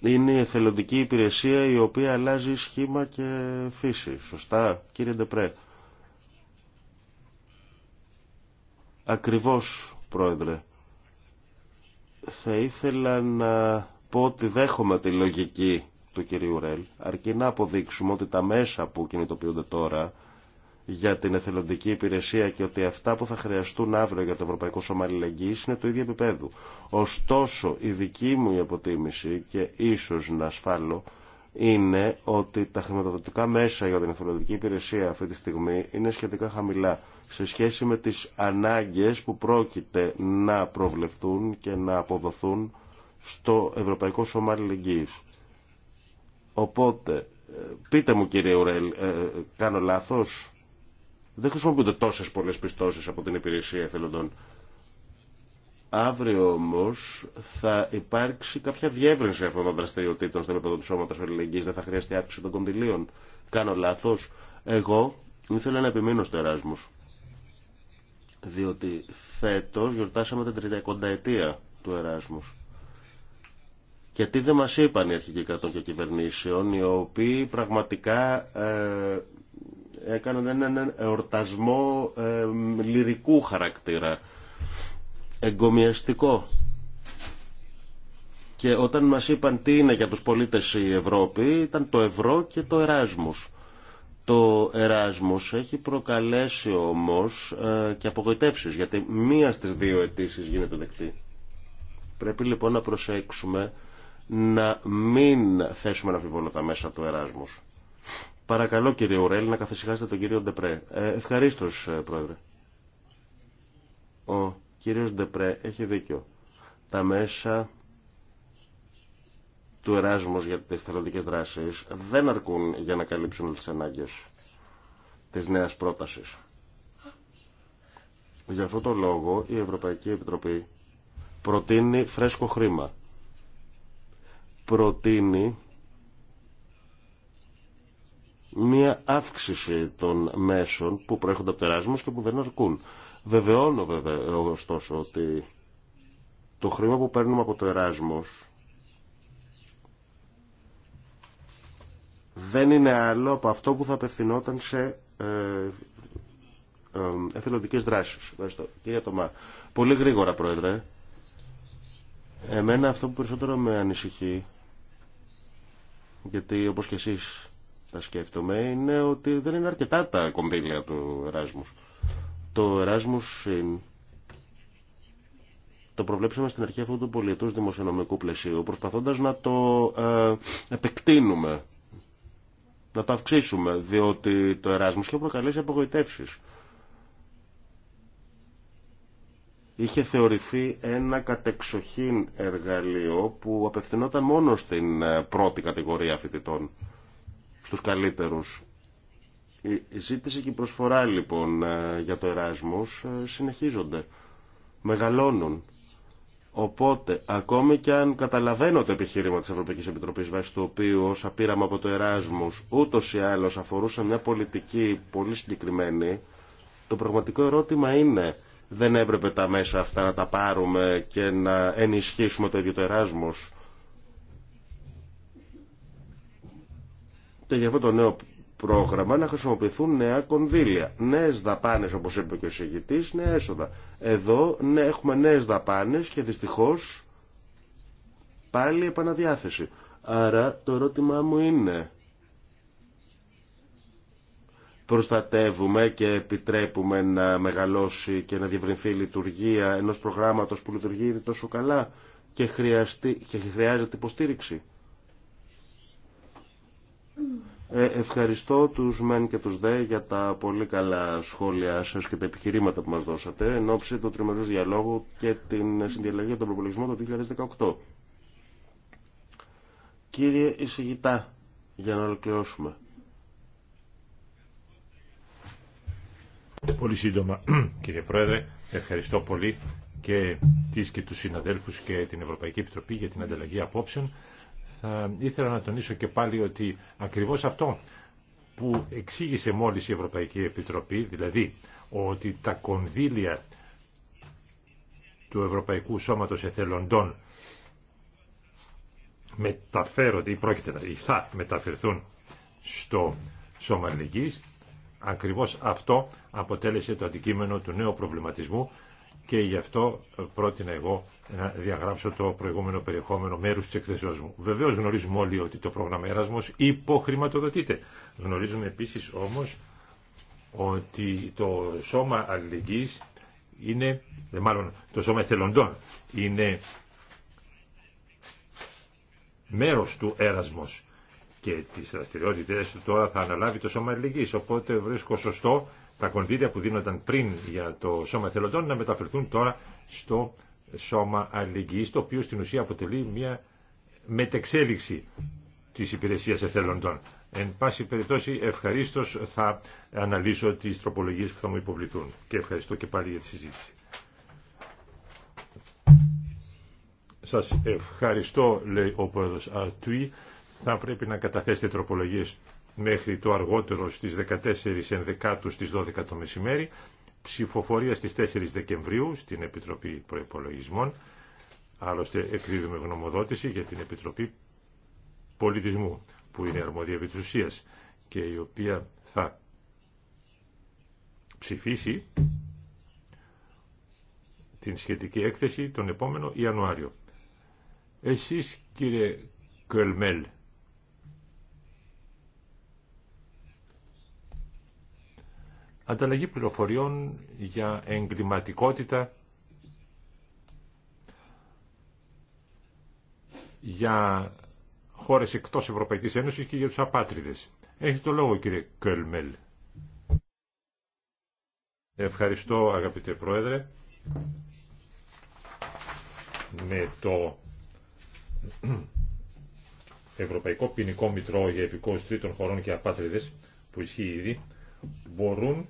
Speaker 3: είναι η εθελοντική υπηρεσία η οποία αλλάζει σχήμα και φύση. Σωστά, κύριε Ντεπρέ. Ακριβώς, Πρόεδρε. Θα ήθελα να πω ότι δέχομαι τη λογική του κυρίου Ρέλ, αρκεί να αποδείξουμε ότι τα μέσα που κινητοποιούνται τώρα για την εθελοντική υπηρεσία και ότι αυτά που θα χρειαστούν αύριο για το Ευρωπαϊκό Σώμα Αλληλεγγύης είναι το ίδιο επίπεδου. Ωστόσο, η δική μου αποτίμηση και ίσως να ασφάλω είναι ότι τα χρηματοδοτικά μέσα για την εθελοντική υπηρεσία αυτή τη στιγμή είναι σχετικά χαμηλά σε σχέση με τις ανάγκες που πρόκειται να προβλεφθούν και να αποδοθούν στο Ευρωπαϊκό Σώμα Αλληλεγγύης. Οπότε, ε, πείτε μου κύριε Ουρέλ, ε, κάνω λάθος. Δεν χρησιμοποιούνται τόσες πολλές πιστώσεις από την υπηρεσία εθελοντών. Αύριο όμω θα υπάρξει κάποια διεύρυνση αυτών των δραστηριοτήτων στο επίπεδο του σώματο αλληλεγγύη. Δεν θα χρειαστεί αύξηση των κονδυλίων. Κάνω λάθο. Εγώ ήθελα να επιμείνω στο διότι φέτος γιορτάσαμε την 30 ετία του Εράσμους. Και τι δεν μας είπαν οι αρχικοί κρατών και κυβερνήσεων, οι οποίοι πραγματικά ε, έκαναν έναν εορτασμό ε, λυρικού χαρακτήρα, εγκομιαστικό. Και όταν μας είπαν τι είναι για τους πολίτες η Ευρώπη, ήταν το ευρώ και το Εράσμους. Το Εράσμος έχει προκαλέσει όμως ε, και απογοητεύσεις, γιατί μία στις δύο αιτήσει γίνεται δεκτή. Πρέπει λοιπόν να προσέξουμε να μην θέσουμε να αμφιβόλω τα μέσα του Εράσμους. Παρακαλώ κύριε Ουρέλ να καθησυχάσετε τον κύριο Ντεπρέ. Ευχαριστώ ευχαρίστως ε, πρόεδρε. Ο κύριος Ντεπρέ έχει δίκιο. Τα μέσα του Εράσμος για τις θελοντικέ δράσεις δεν αρκούν για να καλύψουν τις ανάγκες της νέας πρότασης. Για αυτό το λόγο η Ευρωπαϊκή Επιτροπή προτείνει φρέσκο χρήμα. Προτείνει μία αύξηση των μέσων που προέρχονται από το Εράσμος και που δεν αρκούν. Βεβαιώνω βέβαια ωστόσο ότι το χρήμα που παίρνουμε από το Εράσμος δεν είναι άλλο από αυτό που θα απευθυνόταν σε ε, ε, εθελοντικές δράσεις. Ευχαριστώ. Κύριε Τωμά, πολύ γρήγορα πρόεδρε. Εμένα αυτό που περισσότερο με ανησυχεί, γιατί όπως και εσείς θα σκέφτομαι, είναι ότι δεν είναι αρκετά τα κονδύλια του Εράσμους. Το Εράσμους το προβλέψαμε στην αρχή αυτού του πολιετούς δημοσιονομικού πλαισίου, προσπαθώντας να το ε, επεκτείνουμε να το αυξήσουμε, διότι το Εράσμος είχε προκαλέσει απογοητεύσει. Είχε θεωρηθεί ένα κατεξοχήν εργαλείο που απευθυνόταν μόνο στην ε, πρώτη κατηγορία φοιτητών, στους καλύτερους. Η ζήτηση και η προσφορά λοιπόν ε, για το Εράσμος ε, συνεχίζονται, μεγαλώνουν Οπότε, ακόμη και αν καταλαβαίνω το επιχείρημα της Ευρωπαϊκής Επιτροπής βάσει του οποίου όσα πήραμε από το Εράσμους ούτως ή άλλως αφορούσαν μια πολιτική πολύ συγκεκριμένη, το πραγματικό ερώτημα είναι δεν έπρεπε τα μέσα αυτά να τα πάρουμε και να ενισχύσουμε το ίδιο το Εράσμος. Και για αυτό το νέο πρόγραμμα να χρησιμοποιηθούν νέα κονδύλια. Νέε δαπάνε, όπω είπε και ο εισηγητή, νέα έσοδα. Εδώ ναι, έχουμε νέε δαπάνε και δυστυχώ πάλι επαναδιάθεση. Άρα το ερώτημά μου είναι προστατεύουμε και επιτρέπουμε να μεγαλώσει και να διευρυνθεί η λειτουργία ενός προγράμματος που λειτουργεί τόσο καλά και, χρειαστεί, και χρειάζεται υποστήριξη. Ε, ευχαριστώ τους ΜΕΝ και τους ΔΕ για τα πολύ καλά σχόλια σας και τα επιχειρήματα που μας δώσατε εν ώψη του τριμερούς διαλόγου και την συνδιαλλαγή των προπολογισμών το 2018. Κύριε Ισηγητά, για να ολοκληρώσουμε. Πολύ σύντομα,
Speaker 1: <clears throat> κύριε Πρόεδρε, ευχαριστώ πολύ και τις και τους συναδέλφους και την Ευρωπαϊκή Επιτροπή για την ανταλλαγή απόψεων θα ήθελα να τονίσω και πάλι ότι ακριβώς αυτό που εξήγησε μόλις η Ευρωπαϊκή Επιτροπή, δηλαδή ότι τα κονδύλια του Ευρωπαϊκού Σώματος Εθελοντών μεταφέρονται ή πρόκειται να ή θα μεταφερθούν στο Σώμα Αλληλεγγύης, ακριβώς αυτό αποτέλεσε το αντικείμενο του νέου προβληματισμού και γι' αυτό πρότεινα εγώ να διαγράψω το προηγούμενο περιεχόμενο μέρους της εκθεσεώς μου. Βεβαίως γνωρίζουμε όλοι ότι το πρόγραμμα Εράσμος υποχρηματοδοτείται. Γνωρίζουμε επίσης όμως ότι το σώμα αλληλεγγύης είναι, ε, μάλλον το σώμα εθελοντών είναι μέρος του Έρασμος και τις δραστηριότητες του τώρα θα αναλάβει το σώμα αλληλεγγύης. Οπότε βρίσκω σωστό τα κονδύλια που δίνονταν πριν για το σώμα εθελοντών να μεταφερθούν τώρα στο σώμα αλληλεγγύης, το οποίο στην ουσία αποτελεί μια μετεξέλιξη της υπηρεσίας εθελοντών. Εν πάση περιπτώσει, ευχαρίστω θα αναλύσω τις τροπολογίες που θα μου υποβληθούν. Και ευχαριστώ και πάλι για τη συζήτηση. Σας ευχαριστώ, λέει ο πρόεδρος Αρτουή. Θα πρέπει να καταθέσετε τροπολογίες μέχρι το αργότερο στις 14 ενδεκάτου στις 12 το μεσημέρι, ψηφοφορία στις 4 Δεκεμβρίου στην Επιτροπή Προϋπολογισμών, άλλωστε εκδίδουμε γνωμοδότηση για την Επιτροπή Πολιτισμού, που είναι αρμόδια επί της ουσίας, και η οποία θα ψηφίσει την σχετική έκθεση τον επόμενο Ιανουάριο. Εσείς κύριε Κελμέλ ανταλλαγή πληροφοριών για εγκληματικότητα, για χώρες εκτός Ευρωπαϊκής Ένωσης και για τους απάτριδες. Έχει το λόγο κύριε Κέλμελ. Ευχαριστώ αγαπητέ Πρόεδρε. Με το Ευρωπαϊκό Ποινικό Μητρό για Επικούς Τρίτων Χωρών και Απάτριδες που ισχύει ήδη μπορούν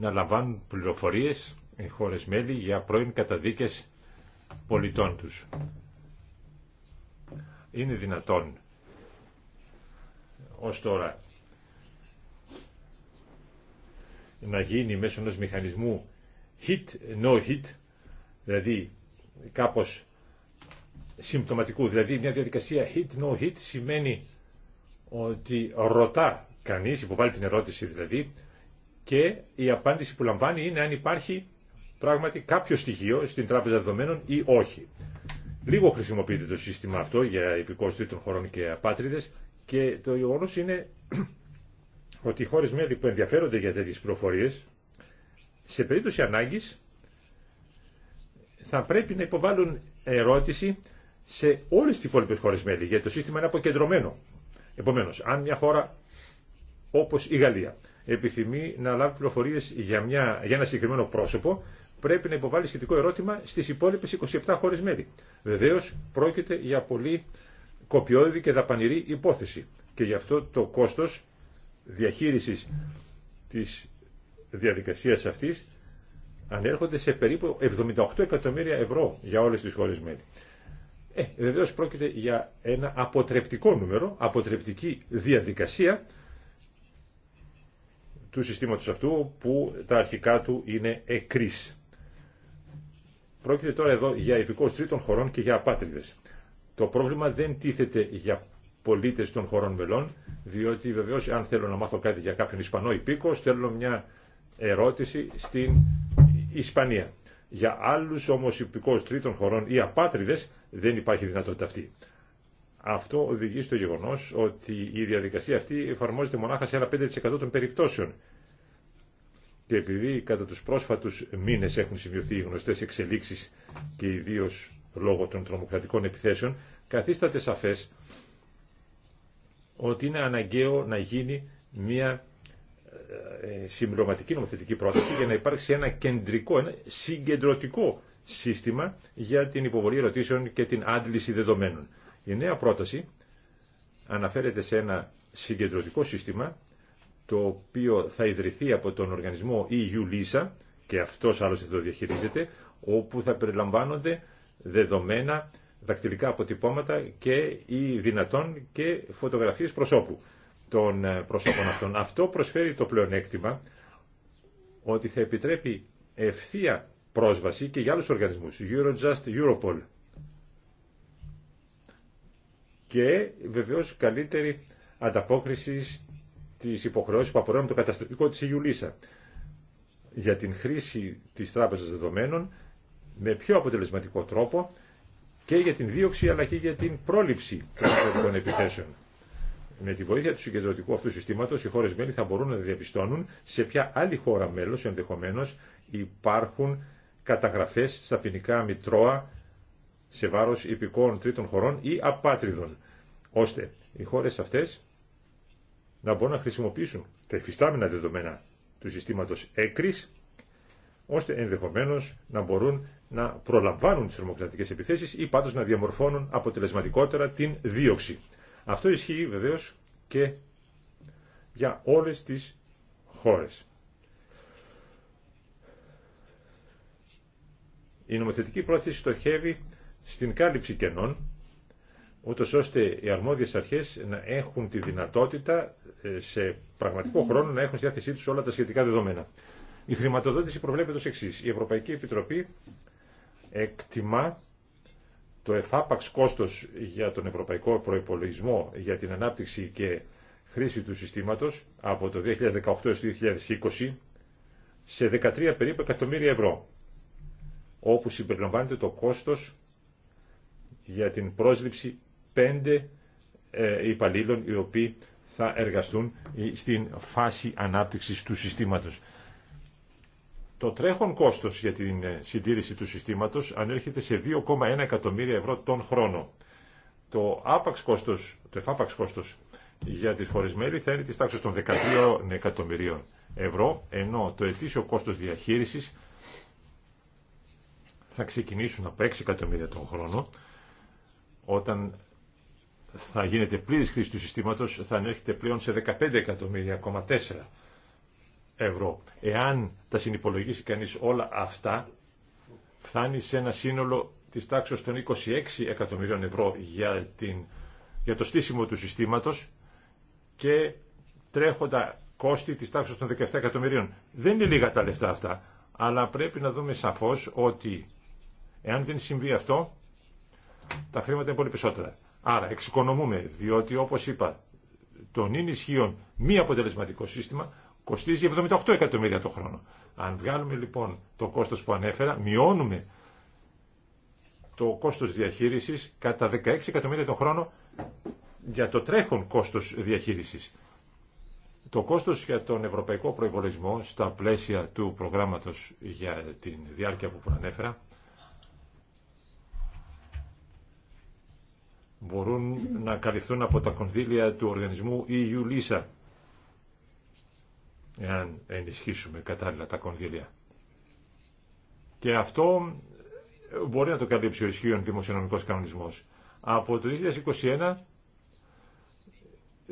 Speaker 1: να λαμβάνουν πληροφορίες οι χώρες μέλη για πρώην καταδίκες πολιτών τους. Είναι δυνατόν ως τώρα να γίνει μέσω ενός μηχανισμού hit, no hit, δηλαδή κάπως συμπτωματικού, δηλαδή μια διαδικασία hit, no hit σημαίνει ότι ρωτά κανείς, υποβάλλει την ερώτηση δηλαδή, και η απάντηση που λαμβάνει είναι αν υπάρχει πράγματι κάποιο στοιχείο στην τράπεζα δεδομένων ή όχι. Λίγο χρησιμοποιείται το σύστημα αυτό για υπηκόους τρίτων χωρών και απάτριδες και το γεγονό είναι <clears throat> ότι οι χώρες μέλη που ενδιαφέρονται για τέτοιες πληροφορίες σε περίπτωση ανάγκης θα πρέπει να υποβάλουν ερώτηση σε όλες τις υπόλοιπε χώρες μέλη γιατί το σύστημα είναι αποκεντρωμένο. Επομένως, αν μια χώρα όπως η Γαλλία επιθυμεί να λάβει πληροφορίε για, μια, για ένα συγκεκριμένο πρόσωπο, πρέπει να υποβάλει σχετικό ερώτημα στις υπόλοιπε 27 χώρε μέλη. Βεβαίω πρόκειται για πολύ κοπιόδη και δαπανηρή υπόθεση και γι' αυτό το κόστος διαχείρισης της διαδικασίας αυτής ανέρχονται σε περίπου 78 εκατομμύρια ευρώ για όλε τι χώρε μέλη. Ε, Βεβαίω πρόκειται για ένα αποτρεπτικό νούμερο, αποτρεπτική διαδικασία του συστήματος αυτού που τα αρχικά του είναι εκρής. Πρόκειται τώρα εδώ για υπηκόους τρίτων χωρών και για απάτριδες. Το πρόβλημα δεν τίθεται για πολίτες των χωρών μελών, διότι βεβαίως αν θέλω να μάθω κάτι για κάποιον Ισπανό υπήκο, στέλνω μια ερώτηση στην Ισπανία. Για άλλους όμως υπηκόους τρίτων χωρών ή απάτριδες δεν υπάρχει δυνατότητα αυτή. Αυτό οδηγεί στο γεγονός ότι η διαδικασία αυτή εφαρμόζεται μονάχα σε ένα 5% των περιπτώσεων. Και επειδή κατά τους πρόσφατους μήνες έχουν σημειωθεί οι γνωστές εξελίξεις και ιδίω λόγω των τρομοκρατικών επιθέσεων, καθίσταται σαφές ότι είναι αναγκαίο να γίνει μια ε, ε, συμπληρωματική νομοθετική πρόταση για να υπάρξει ένα κεντρικό, ένα συγκεντρωτικό σύστημα για την υποβολή ερωτήσεων και την άντληση δεδομένων. Η νέα πρόταση αναφέρεται σε ένα συγκεντρωτικό σύστημα το οποίο θα ιδρυθεί από τον οργανισμό EU-LISA και αυτός άλλωστε το διαχειρίζεται όπου θα περιλαμβάνονται δεδομένα, δακτυλικά αποτυπώματα και ή δυνατόν και φωτογραφίες προσώπου των ε, προσώπων αυτών. Αυτό προσφέρει το πλεονέκτημα ότι θα επιτρέπει ευθεία πρόσβαση και για άλλους οργανισμούς, Eurojust, Europol, και βεβαίως καλύτερη ανταπόκριση της υποχρεώσεις που απορρέουν το καταστροφικό της Ιουλίσα για την χρήση τη Τράπεζα δεδομένων με πιο αποτελεσματικό τρόπο και για την δίωξη αλλά και για την πρόληψη των επιθέσεων. Με τη βοήθεια του συγκεντρωτικού αυτού συστήματο, οι χώρε μέλη θα μπορούν να διαπιστώνουν σε ποια άλλη χώρα μέλο ενδεχομένω υπάρχουν καταγραφέ στα ποινικά μητρώα σε βάρος υπηκόων τρίτων χωρών ή απάτριδων, ώστε οι χώρες αυτές να μπορούν να χρησιμοποιήσουν τα υφιστάμενα δεδομένα του συστήματος έκρης, ώστε ενδεχομένως να μπορούν να προλαμβάνουν τις θερμοκρατικές επιθέσεις ή πάντως να διαμορφώνουν αποτελεσματικότερα την δίωξη. Αυτό ισχύει βεβαίως και για όλες τις χώρες. Η νομοθετική πρόθεση στοχεύει στην κάλυψη κενών, ούτω ώστε οι αρμόδιες αρχές να έχουν τη δυνατότητα ε, σε πραγματικό χρόνο να έχουν στη διάθεσή τους όλα τα σχετικά δεδομένα. Η χρηματοδότηση προβλέπεται ως εξής. Η Ευρωπαϊκή Επιτροπή εκτιμά το εφάπαξ κόστος για τον ευρωπαϊκό προϋπολογισμό για την ανάπτυξη και χρήση του συστήματος από το 2018 έως το 2020 σε 13 περίπου εκατομμύρια ευρώ, όπου συμπεριλαμβάνεται το κόστος για την πρόσληψη πέντε ε, υπαλλήλων οι οποίοι θα εργαστούν ε, στην φάση ανάπτυξης του συστήματος. Το τρέχον κόστος για την ε, συντήρηση του συστήματος ανέρχεται σε 2,1 εκατομμύρια ευρώ τον χρόνο. Το, άπαξ κόστος, το εφάπαξ κόστος για τις χώρες μέλη θα είναι της τάξης των 12 εκατομμυρίων ευρώ, ενώ το ετήσιο κόστος διαχείρισης θα ξεκινήσουν από 6 εκατομμύρια τον χρόνο όταν θα γίνεται πλήρης χρήση του συστήματος θα ανέρχεται πλέον σε 15 εκατομμύρια ευρώ. Εάν τα συνυπολογίσει κανείς όλα αυτά φτάνει σε ένα σύνολο της τάξης των 26 εκατομμυρίων ευρώ για, την, για το στήσιμο του συστήματος και τρέχοντα κόστη της τάξης των 17 εκατομμυρίων. Δεν είναι λίγα τα λεφτά αυτά, αλλά πρέπει να δούμε σαφώς ότι εάν δεν συμβεί αυτό τα χρήματα είναι πολύ περισσότερα. Άρα εξοικονομούμε, διότι όπως είπα, το νυν ισχύον μη αποτελεσματικό σύστημα κοστίζει 78 εκατομμύρια το χρόνο. Αν βγάλουμε λοιπόν το κόστος που ανέφερα, μειώνουμε το κόστος διαχείρισης κατά 16 εκατομμύρια το χρόνο για το τρέχον κόστος διαχείρισης. Το κόστος για τον ευρωπαϊκό προϋπολογισμό στα πλαίσια του προγράμματος για τη διάρκεια που προανέφερα μπορούν να καλυφθούν από τα κονδύλια του οργανισμού EU-LISA εάν ενισχύσουμε κατάλληλα τα κονδύλια. Και αυτό μπορεί να το καλύψει ο ισχύων δημοσιονομικός κανονισμός. Από το 2021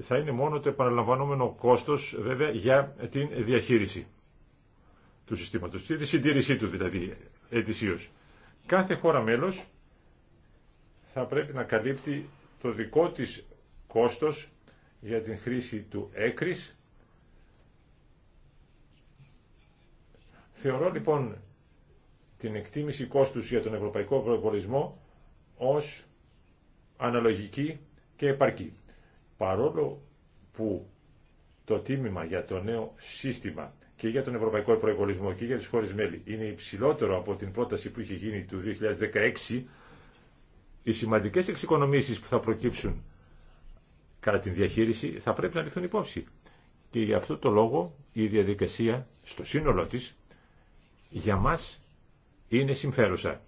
Speaker 1: θα είναι μόνο το επαναλαμβανόμενο κόστος βέβαια για την διαχείριση του συστήματος, τη συντήρησή του δηλαδή ετησίως. Κάθε χώρα μέλος θα πρέπει να καλύπτει το δικό της κόστος για την χρήση του έκρης. Θεωρώ λοιπόν την εκτίμηση κόστους για τον ευρωπαϊκό προϋπολισμό ως αναλογική και επαρκή. Παρόλο που το τίμημα για το νέο σύστημα και για τον ευρωπαϊκό προϋπολισμό και για τις χώρες μέλη είναι υψηλότερο από την πρόταση που είχε γίνει του 2016, οι σημαντικέ εξοικονομήσει που θα προκύψουν κατά την διαχείριση θα πρέπει να ληφθούν υπόψη. Και γι' αυτό το λόγο η διαδικασία στο σύνολό τη για μα είναι συμφέρουσα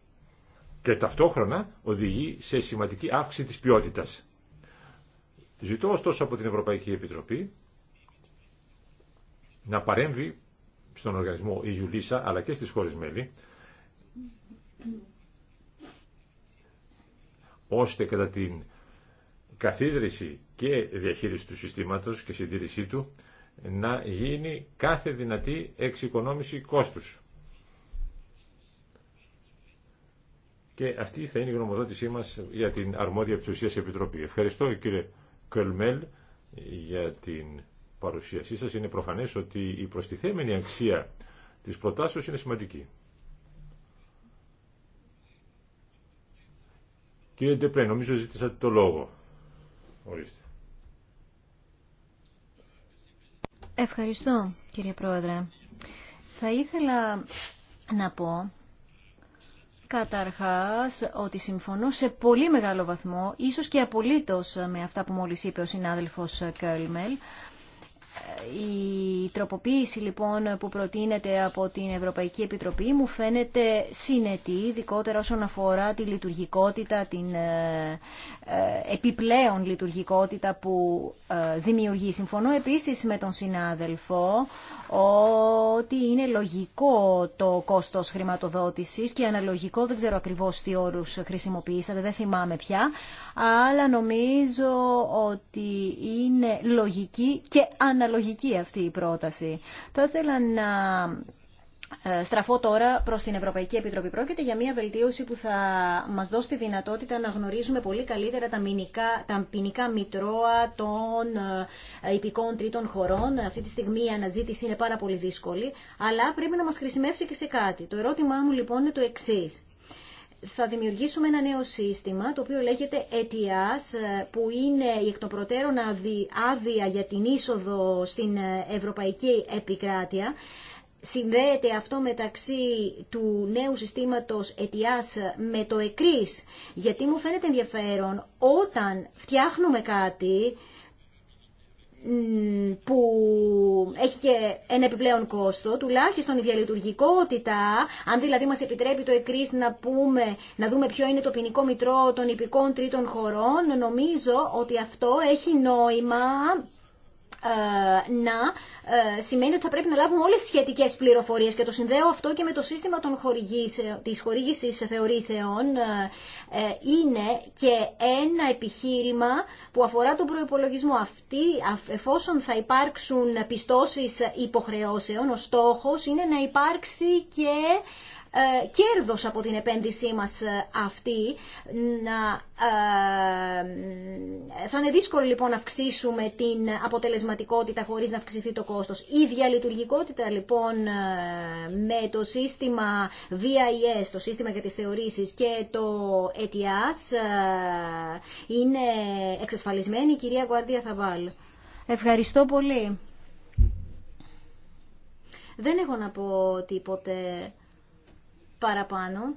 Speaker 1: και ταυτόχρονα οδηγεί σε σημαντική αύξηση της ποιότητας. Ζητώ ωστόσο από την Ευρωπαϊκή Επιτροπή να παρέμβει στον οργανισμό η Ιουλίσα αλλά και στις χώρες μέλη ώστε κατά την καθίδρυση και διαχείριση του συστήματος και συντήρησή του να γίνει κάθε δυνατή εξοικονόμηση κόστους. Και αυτή θα είναι η γνωμοδότησή μας για την αρμόδια εξουσίας επιτροπή. Ευχαριστώ κύριε Κελμέλ για την παρουσίασή σας. Είναι προφανές ότι η προστιθέμενη αξία της προτάσεως είναι σημαντική. Κύριε Ντεπρέ, νομίζω ζήτησατε το λόγο. Ορίστε.
Speaker 4: Ευχαριστώ, κύριε Πρόεδρε. Θα ήθελα να πω καταρχάς ότι συμφωνώ σε πολύ μεγάλο βαθμό, ίσως και απολύτως με αυτά που μόλις είπε ο συνάδελφος Κέλμελ, ε, η τροποποίηση λοιπόν που προτείνεται από την Ευρωπαϊκή Επιτροπή μου φαίνεται συνετή, ειδικότερα όσον αφορά τη λειτουργικότητα, την ε, ε, επιπλέον λειτουργικότητα που δημιουργεί. Συμφωνώ επίσης με τον συνάδελφο ότι είναι λογικό το κόστος χρηματοδότησης και αναλογικό, δεν ξέρω ακριβώς τι όρους χρησιμοποιήσατε, δεν θυμάμαι πια, αλλά νομίζω ότι είναι λογική και αναλογική λογική αυτή η πρόταση. Θα ήθελα να ε, Στραφώ τώρα προ την Ευρωπαϊκή Επιτροπή. Πρόκειται για μια βελτίωση που θα μα δώσει τη δυνατότητα να γνωρίζουμε πολύ καλύτερα τα, μηνικά, τα ποινικά μητρώα των ε, υπηκών τρίτων χωρών. Αυτή τη στιγμή η αναζήτηση είναι πάρα πολύ δύσκολη, αλλά πρέπει να μα χρησιμεύσει και σε κάτι. Το ερώτημά μου λοιπόν είναι το εξή θα δημιουργήσουμε ένα νέο σύστημα το οποίο λέγεται ETIAS ε, που είναι η εκ των προτέρων άδεια για την είσοδο στην ε, Ευρωπαϊκή Επικράτεια. Συνδέεται αυτό μεταξύ του νέου συστήματος ETIAS με το ΕΚΡΙΣ, γιατί μου φαίνεται ενδιαφέρον όταν φτιάχνουμε κάτι που έχει και ένα επιπλέον κόστο, τουλάχιστον η διαλειτουργικότητα, αν δηλαδή μας επιτρέπει το ΕΚΡΙΣ να, πούμε, να δούμε ποιο είναι το ποινικό μητρό των υπηκών τρίτων χωρών, νομίζω ότι αυτό έχει νόημα ε, να ε, σημαίνει ότι θα πρέπει να λάβουμε όλες τις σχετικές πληροφορίες και το συνδέω αυτό και με το σύστημα των ε, της χορήγησης θεωρήσεων είναι και ένα επιχείρημα που αφορά τον προϋπολογισμό αυτή εφόσον θα υπάρξουν πιστώσεις υποχρεώσεων ο στόχος είναι να υπάρξει και ε, κέρδος από την επένδυσή μας ε, αυτή. Να, ε, θα είναι δύσκολο λοιπόν να αυξήσουμε την αποτελεσματικότητα χωρίς να αυξηθεί το κόστος. Η διαλειτουργικότητα λοιπόν με το σύστημα VIS, το σύστημα για τις θεωρήσεις και το ETIAS είναι εξασφαλισμένη η κυρία Γουαρδία Θαβάλ. Ευχαριστώ πολύ. Δεν έχω να πω τίποτε παραπάνω.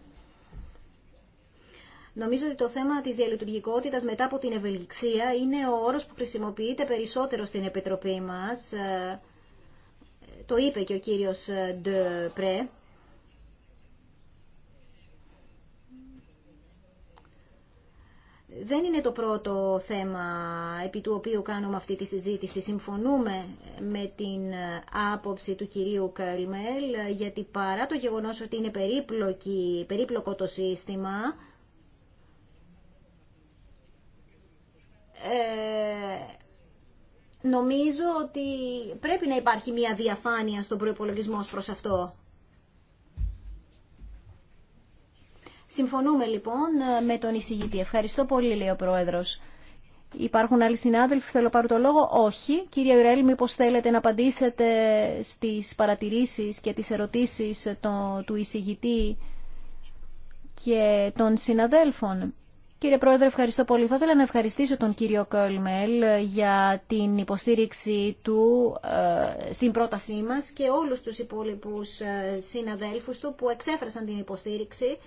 Speaker 4: Νομίζω ότι το θέμα της διαλειτουργικότητας μετά από την ευελιξία είναι ο όρος που χρησιμοποιείται περισσότερο στην Επιτροπή μας. Ε, το είπε και ο κύριος Ντεπρέ. δεν είναι το πρώτο θέμα επί του οποίου κάνουμε αυτή τη συζήτηση. Συμφωνούμε με την άποψη του κυρίου Κέρμελ, γιατί παρά το γεγονός ότι είναι περίπλοκη, περίπλοκο το σύστημα, ε, νομίζω ότι πρέπει να υπάρχει μια διαφάνεια στον προϋπολογισμό προς αυτό. Συμφωνούμε λοιπόν ε, με τον εισηγητή. Ευχαριστώ πολύ, λέει ο Πρόεδρο. Υπάρχουν άλλοι συνάδελφοι, θέλω πάρω το λόγο. Όχι. Κύριε Ιουρέλ, μήπω θέλετε να απαντήσετε στις παρατηρήσεις και τις ερωτήσεις του εισηγητή και των συναδέλφων. Κύριε Πρόεδρε, ευχαριστώ πολύ. Θα ήθελα να ευχαριστήσω τον κύριο Κόλμελ για την υποστήριξη του ε, στην πρότασή μας και όλους τους υπόλοιπους ε, συναδέλφους του που εξέφρασαν την υποστήριξη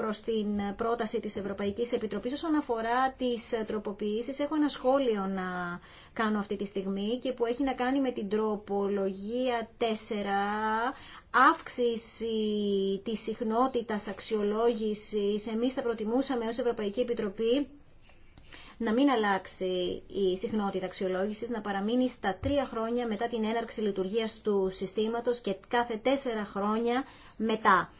Speaker 4: προς την πρόταση της Ευρωπαϊκής Επιτροπής όσον αφορά τις τροποποιήσεις. Έχω ένα σχόλιο να κάνω αυτή τη στιγμή και που έχει να κάνει με την τροπολογία 4 αύξηση της συχνότητας αξιολόγησης. Εμείς θα προτιμούσαμε ως Ευρωπαϊκή Επιτροπή να μην αλλάξει η συχνότητα αξιολόγηση, να παραμείνει στα τρία χρόνια μετά την έναρξη λειτουργία του συστήματο και κάθε τέσσερα χρόνια μετά.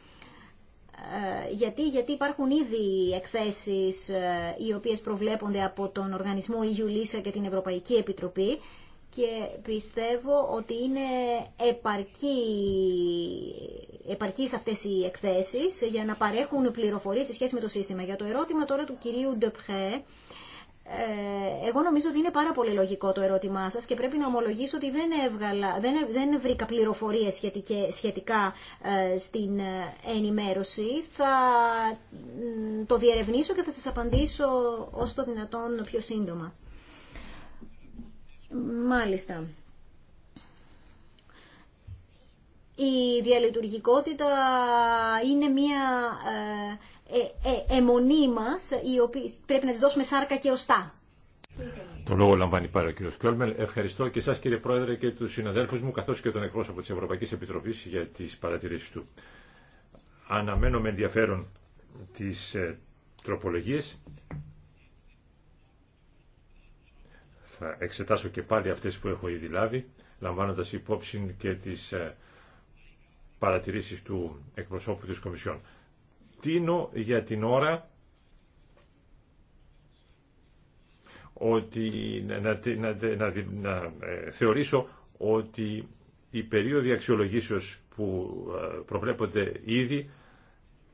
Speaker 4: Ε, γιατί, γιατί υπάρχουν ήδη εκθέσεις ε, οι οποίες προβλέπονται από τον οργανισμό e και την Ευρωπαϊκή Επιτροπή και πιστεύω ότι είναι επαρκή, επαρκής αυτές οι εκθέσεις για να παρέχουν πληροφορίες σε σχέση με το σύστημα. Για το ερώτημα τώρα του κυρίου Ντεπχέ, ε, εγώ νομίζω ότι είναι πάρα πολύ λογικό το ερώτημά σας και πρέπει να ομολογήσω ότι δεν, έβγαλα, δεν, δεν βρήκα πληροφορίες σχετικά, σχετικά στην ε, ενημέρωση. Θα το διερευνήσω και θα σας απαντήσω όσο το δυνατόν πιο σύντομα. Μάλιστα. Η διαλειτουργικότητα είναι μια ε, αιμονή ε, ε, μα, η οποία πρέπει να τη δώσουμε σάρκα και οστά.
Speaker 1: Το λόγο λαμβάνει πάρα ο κύριο Κιόλμελ. Ευχαριστώ και εσά, κύριε Πρόεδρε και του συναδέλφους μου καθώς και τον εκπρόσωπο τη Ευρωπαϊκή Επιτροπή για τις παρατηρήσεις του. Αναμένω με ενδιαφέρον τις ε, τροπολογίες. Θα εξετάσω και πάλι αυτές που έχω ήδη λάβει, λαμβάνοντας υπόψη και τις παρατηρήσεις του εκπροσώπου της Κομισιόν. Τίνω για την ώρα ότι να, να, να, να ε, θεωρήσω ότι η περίοδη αξιολογήσεως που ε, προβλέπονται ήδη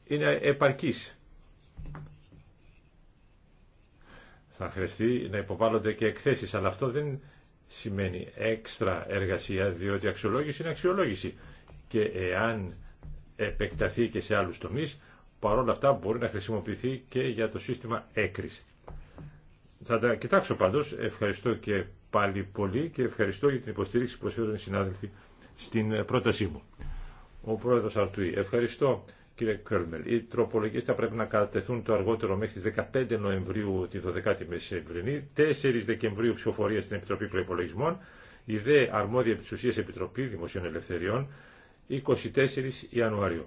Speaker 1: είναι επαρκής. Θα χρειαστεί να υποβάλλονται και εκθέσεις, αλλά αυτό δεν σημαίνει έξτρα εργασία, διότι αξιολόγηση είναι αξιολόγηση. Και εάν επεκταθεί και σε άλλους τομείς, παρόλα αυτά μπορεί να χρησιμοποιηθεί και για το σύστημα έκρηση. Θα τα κοιτάξω πάντως. Ευχαριστώ και πάλι πολύ και ευχαριστώ για την υποστήριξη που προσφέρουν οι συνάδελφοι στην πρότασή μου. Ο πρόεδρος Αρτουή. Ευχαριστώ κύριε Κέρμελ. Οι τροπολογίες θα πρέπει να κατατεθούν το αργότερο μέχρι τις 15 Νοεμβρίου τη 12η Μεσημβρινή, 4 Δεκεμβρίου ψηφοφορία στην Επιτροπή Προϋπολογισμών, η ΔΕ Αρμόδια Επιτροπή Δημοσίων Ελευθεριών, 24 Ιανουαρίου.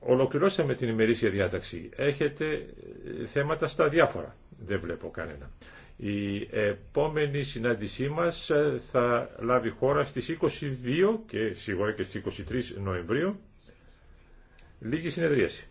Speaker 1: Ολοκληρώσαμε την ημερήσια διάταξη. Έχετε ε, θέματα στα διάφορα. Δεν βλέπω κανένα. Η επόμενη συνάντησή μας ε, θα λάβει χώρα στις 22 και σίγουρα και στις 23 Νοεμβρίου.
Speaker 2: Λίγη συνεδρίαση.